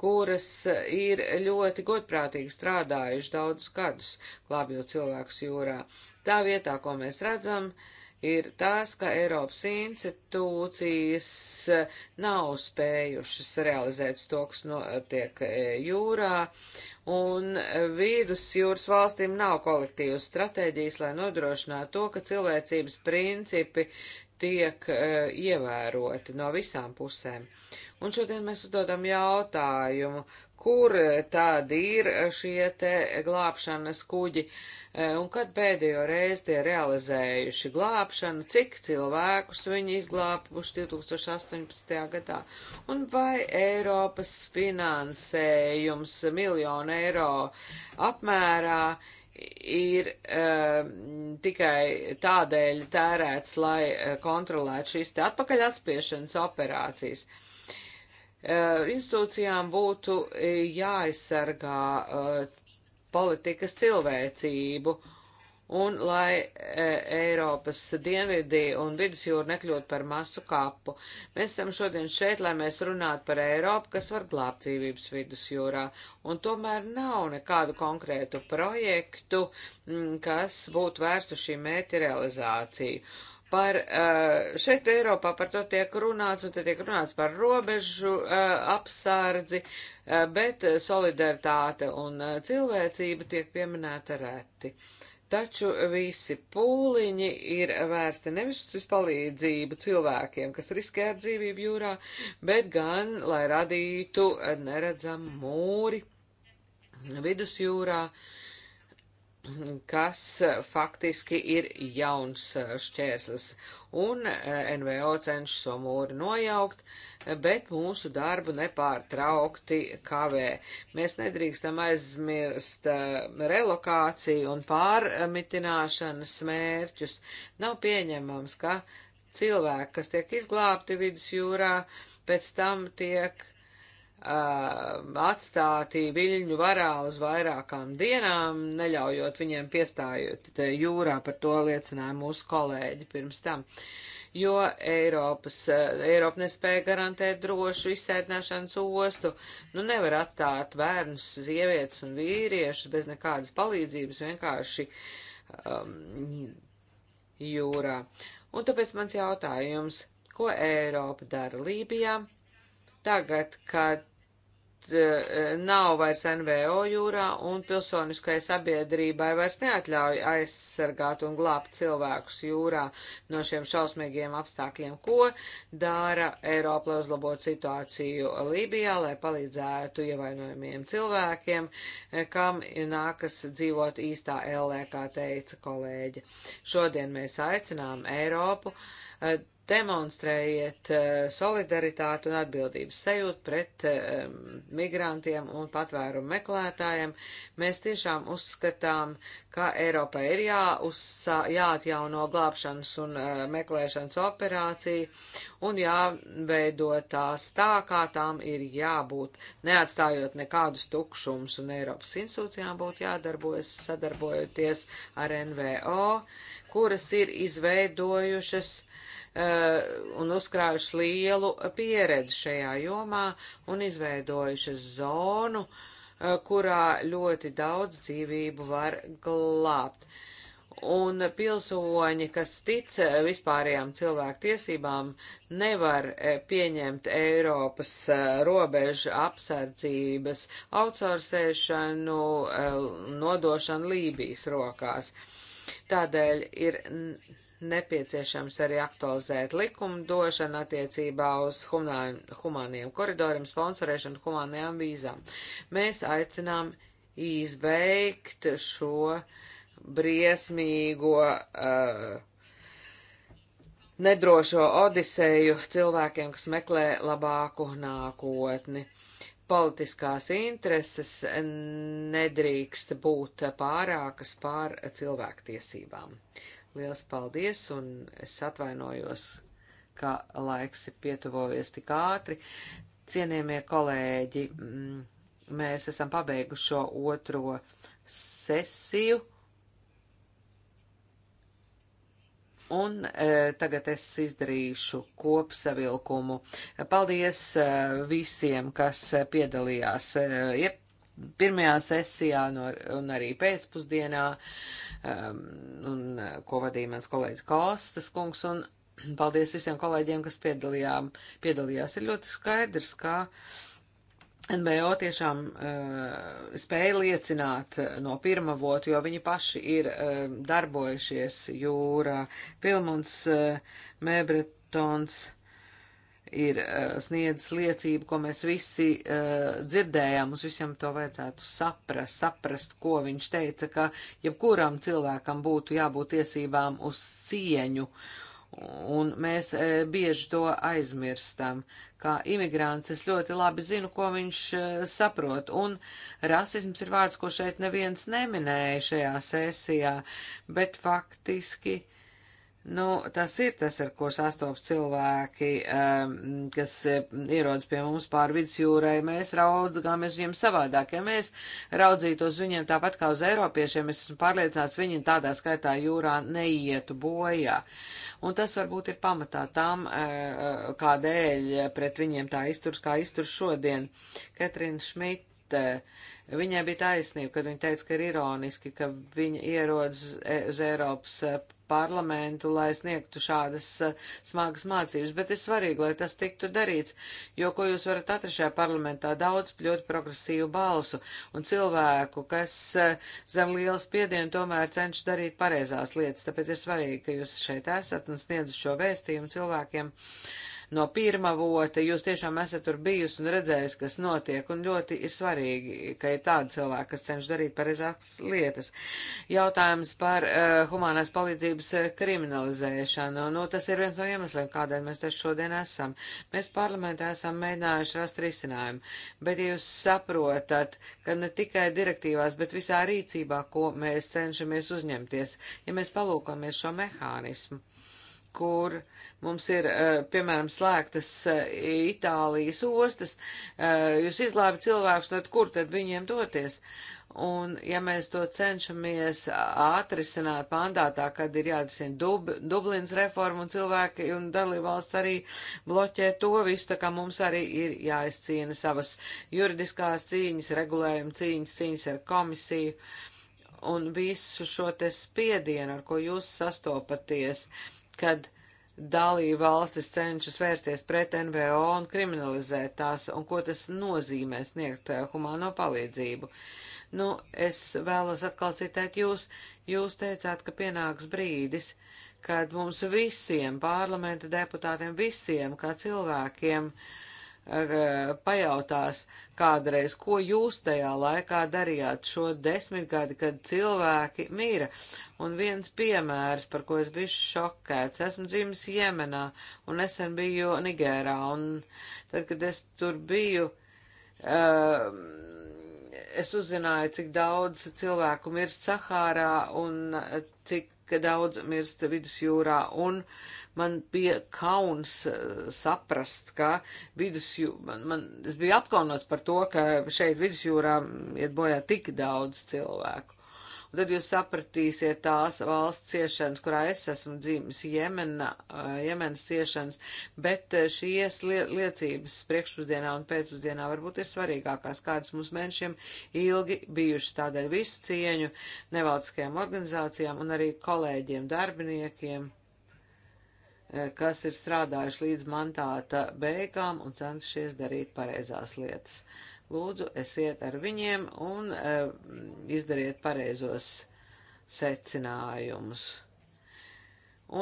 kuras ir ļoti godprātīgi strādājuši daudzus gadus, glābjot cilvēkus jūrā. Tā vietā, ko mēs redzam, uh, ir tas, ka Eiropas institūcijas eh, nav spējušas realizēt to, kas notiek eh, jūrā, un eh, vīrus jūras valstīm nav kolektīvas stratēģijas, lai nodrošinātu to, ka cilvēcības principi tiek uh, ievēroti no visām pusēm. Un šodien mēs uzdodam jautājumu, kur eh, tad ir eh, šie te glābšanas kuģi eh, un kad pēdējo reizi tie realizējuši glābšanu, cik cilvēkus viņi izglābuši 2018. gadā un vai Eiropas finansējums miljonu eiro apmērā ir uh, tikai tādēļ tērēts, lai kontrolētu šīs te atpakaļ atspiešanas operācijas. Uh, Eh, institūcijām būtu eh, jāaizsargā eh, politikas cilvēcību un lai Eiropas dienvidī un vidusjūra nekļūtu par masu kapu. Mēs esam šodien šeit, lai mēs runātu par Eiropu, kas var glābt dzīvības vidusjūrā, un tomēr nav nekādu konkrētu projektu, mm, kas būtu vērstu šī mērķa realizāciju par eh, šeit Eiropā par to tiek runāts, un te tiek runāts par robežu eh, apsārdzi, eh, bet solidaritāte un cilvēcība tiek pieminēta reti. Taču visi pūliņi ir vērsti nevis uz palīdzību cilvēkiem, kas riskē ar dzīvību jūrā, bet gan, lai radītu neredzam mūri vidusjūrā, uh, kas eh, faktiski ir jauns eh, šķērslis, un eh, NVO cenšas šo mūru nojaukt, bet mūsu darbu nepārtraukti kavē. Mēs nedrīkstam aizmirst relokāciju un pārmitināšanas mērķus. Nav pieņemams, ka cilvēki, kas tiek izglābti vidusjūrā, pēc tam tiek Uh, atstāti viļņu varā uz vairākām dienām, neļaujot viņiem piestājot jūrā, par to liecināja mūsu kolēģi pirms tam. Jo Eiropas, uh, Eiropa nespēja garantēt drošu izsēdināšanas ostu, nu nevar atstāt bērnus, sievietes un vīriešus bez nekādas palīdzības vienkārši um, jūrā. Un tāpēc mans jautājums, ko Eiropa dara Lībijā? tagad, kad Eh, nav vairs NVO jūrā un pilsoniskai sabiedrībai vairs neatļauj aizsargāt un glābt cilvēkus jūrā no šiem šausmīgiem apstākļiem, ko dara Eiropa, lai uzlabotu situāciju Lībijā, lai palīdzētu ievainojumiem cilvēkiem, eh, kam nākas dzīvot īstā ellē, kā teica kolēģi. Šodien mēs aicinām Eiropu eh, demonstrējiet eh, solidaritāti un atbildības sajūtu pret um, migrantiem un patvērumu meklētājiem. Mēs tiešām uzskatām, ka Eiropai ir jāuzsā, jāatjauno glābšanas un uh, meklēšanas operācija un jāveido tās tā, kā tām ir jābūt, neatstājot nekādus tukšumus, un Eiropas institūcijām būtu jādarbojas sadarbojoties ar NVO, kuras ir izveidojušas Eh, un uzkrājušas lielu pieredzi šajā jomā un izveidojušas zonu, eh, kurā ļoti daudz dzīvību var glābt. Un pilsoņi, kas tic vispārējām cilvēku tiesībām, nevar eh, pieņemt Eiropas robežu apsardzības outsourcēšanu, nodošanu Lībijas rokās. Tādēļ ir nepieciešams arī aktualizēt likumdošanu attiecībā uz humāniem, humāniem koridoriem, sponsorēšanu humānajām vīzām. Mēs aicinām izbeigt šo briesmīgo uh, nedrošo odiseju cilvēkiem, kas meklē labāku nākotni. Politiskās intereses nedrīkst būt pārākas pār cilvēktiesībām. Liels paldies, un es atvainojos, ka laiks ir pietuvojies tik ātri. Cienījamie kolēģi, mm, mēs esam pabeiguši šo otro sesiju. Un e, tagad es izdarīšu kopsavilkumu. Paldies e, visiem, kas e, piedalījās e, pirmajā sesijā no, un arī pēcpusdienā. E, Um, un uh, ko vadīja mans kolēģis Kostas kungs, un paldies visiem kolēģiem, kas piedalījās. Ir ļoti skaidrs, ka NBO tiešām uh, spēja liecināt no pirmā votu, jo viņi paši ir um, uh, darbojušies jūrā. Pilmuns uh, Mēbretons ir uh, eh, sniedzis liecību, ko mēs visi uh, dzirdējām, mums visiem to vajadzētu saprast, saprast, ko viņš teica, ka jebkuram cilvēkam būtu jābūt tiesībām uz cieņu, un mēs uh, bieži to aizmirstam. Kā imigrants es ļoti labi zinu, ko viņš uh, saprot, un rasisms ir vārds, ko šeit neviens neminēja šajā sesijā, bet faktiski uh, Nu, tas ir tas, ar ko sastopas cilvēki, um, kas ehm, ierodas pie mums pāri vidusjūrai. Mēs raudzāmies viņiem savādāk. Ja mēs raudzītos viņiem tāpat kā uz eiropiešiem, es esmu pārliecināts, viņi tādā skaitā jūrā neietu bojā. Un tas varbūt ir pamatā tam, uh, kādēļ pret viņiem tā izturs, kā izturs šodien. Katrina Šmita Eh, viņai bija taisnība, kad viņa teica, ka ir ironiski, ka viņa ierodas e, uz Eiropas eh, parlamentu, lai sniegtu šādas eh, smagas mācības, bet ir svarīgi, lai tas tiktu darīts, jo, ko jūs varat atrast šajā parlamentā, daudz ļoti progresīvu balsu un cilvēku, kas zem lielas piedienu tomēr cenšas darīt pareizās lietas, tāpēc ir svarīgi, ka jūs šeit esat un sniedzat šo vēstījumu cilvēkiem. Uh, no pirmā vota, jūs tiešām esat tur bijusi un redzējusi, kas notiek, un ļoti ir svarīgi, ka ir tādi cilvēki, kas cenš darīt pareizākas lietas. Jautājums par uh, humanās palīdzības eh, kriminalizēšanu, nu tas ir viens no iemesliem, kādēļ mēs te šodien esam. Mēs parlamentā esam mēģinājuši rast risinājumu, bet ja jūs saprotat, ka ne tikai direktīvās, bet visā rīcībā, ko mēs cenšamies uzņemties, ja mēs palūkojamies šo mehānismu kur mums ir, eh, piemēram, slēgtas eh, Itālijas ostas, eh, jūs izglābi cilvēkus, tad kur tad viņiem doties? Un ja mēs to cenšamies atrisināt mandātā, kad ir jāatrisina Dub Dublins reforma un cilvēki un dalībvalsts arī bloķē to visu, tā kā mums arī ir jāizcīna savas juridiskās cīņas, regulējuma cīņas, cīņas ar komisiju un visu šo te spiedienu, ar ko jūs sastopaties. Uh, kad dalība valstis cenšas vērsties pret NVO un kriminalizēt tās, un ko tas nozīmē sniegt eh, humāno palīdzību. Nu, es vēlos atkal citēt jūs, jūs teicāt, ka pienāks brīdis, kad mums visiem, parlamenta deputātiem, visiem kā cilvēkiem, uh, Eh, pajautās kādreiz, ko jūs tajā laikā darījāt šo desmitgadi, kad cilvēki mīra. Un viens piemērs, par ko es biju šokēts, esmu dzimis Jemenā un nesen biju Nigērā, un tad, kad es tur biju, uh, es uzzināju, cik daudz cilvēku mirst Sahārā un eh, cik daudz mirst vidusjūrā, un uh, man bija kauns eh, saprast, ka vidusjū, man, man, es biju apkaunots par to, ka šeit vidusjūrā iet bojā tik daudz cilvēku. Un tad jūs sapratīsiet tās valsts ciešanas, kurā es esmu dzīvis, Jemena, eh, Jemenas ciešanas, bet eh, šīs liecības priekšpusdienā un pēcpusdienā varbūt ir svarīgākās, kādas mums mēnešiem ilgi bijušas. Tādēļ visu cieņu nevalstiskajām organizācijām un arī kolēģiem, darbiniekiem Eh, kas ir strādājuši līdz mandāta beigām un cenšies darīt pareizās lietas. Lūdzu, esiet ar viņiem un e, izdariet pareizos secinājumus.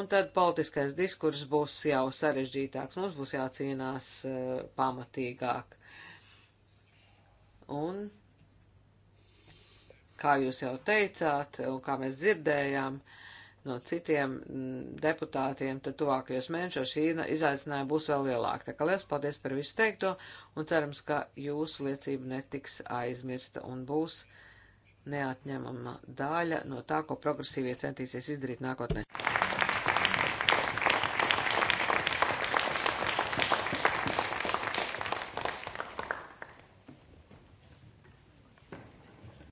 Un tad politiskais diskurs būs jau sarežģītāks, mums būs jācīnās e, pamatīgāk. Un, kā jūs jau teicāt, un kā mēs dzirdējām, e, no citiem mm, deputātiem, tad tuvākajos mēnešos šī izaicinājuma būs vēl lielāka. Tā kā liels paldies par visu teikto un cerams, ka jūsu liecība netiks aizmirsta un būs neatņemama daļa no tā, ko progresīvie centīsies izdarīt nākotnē.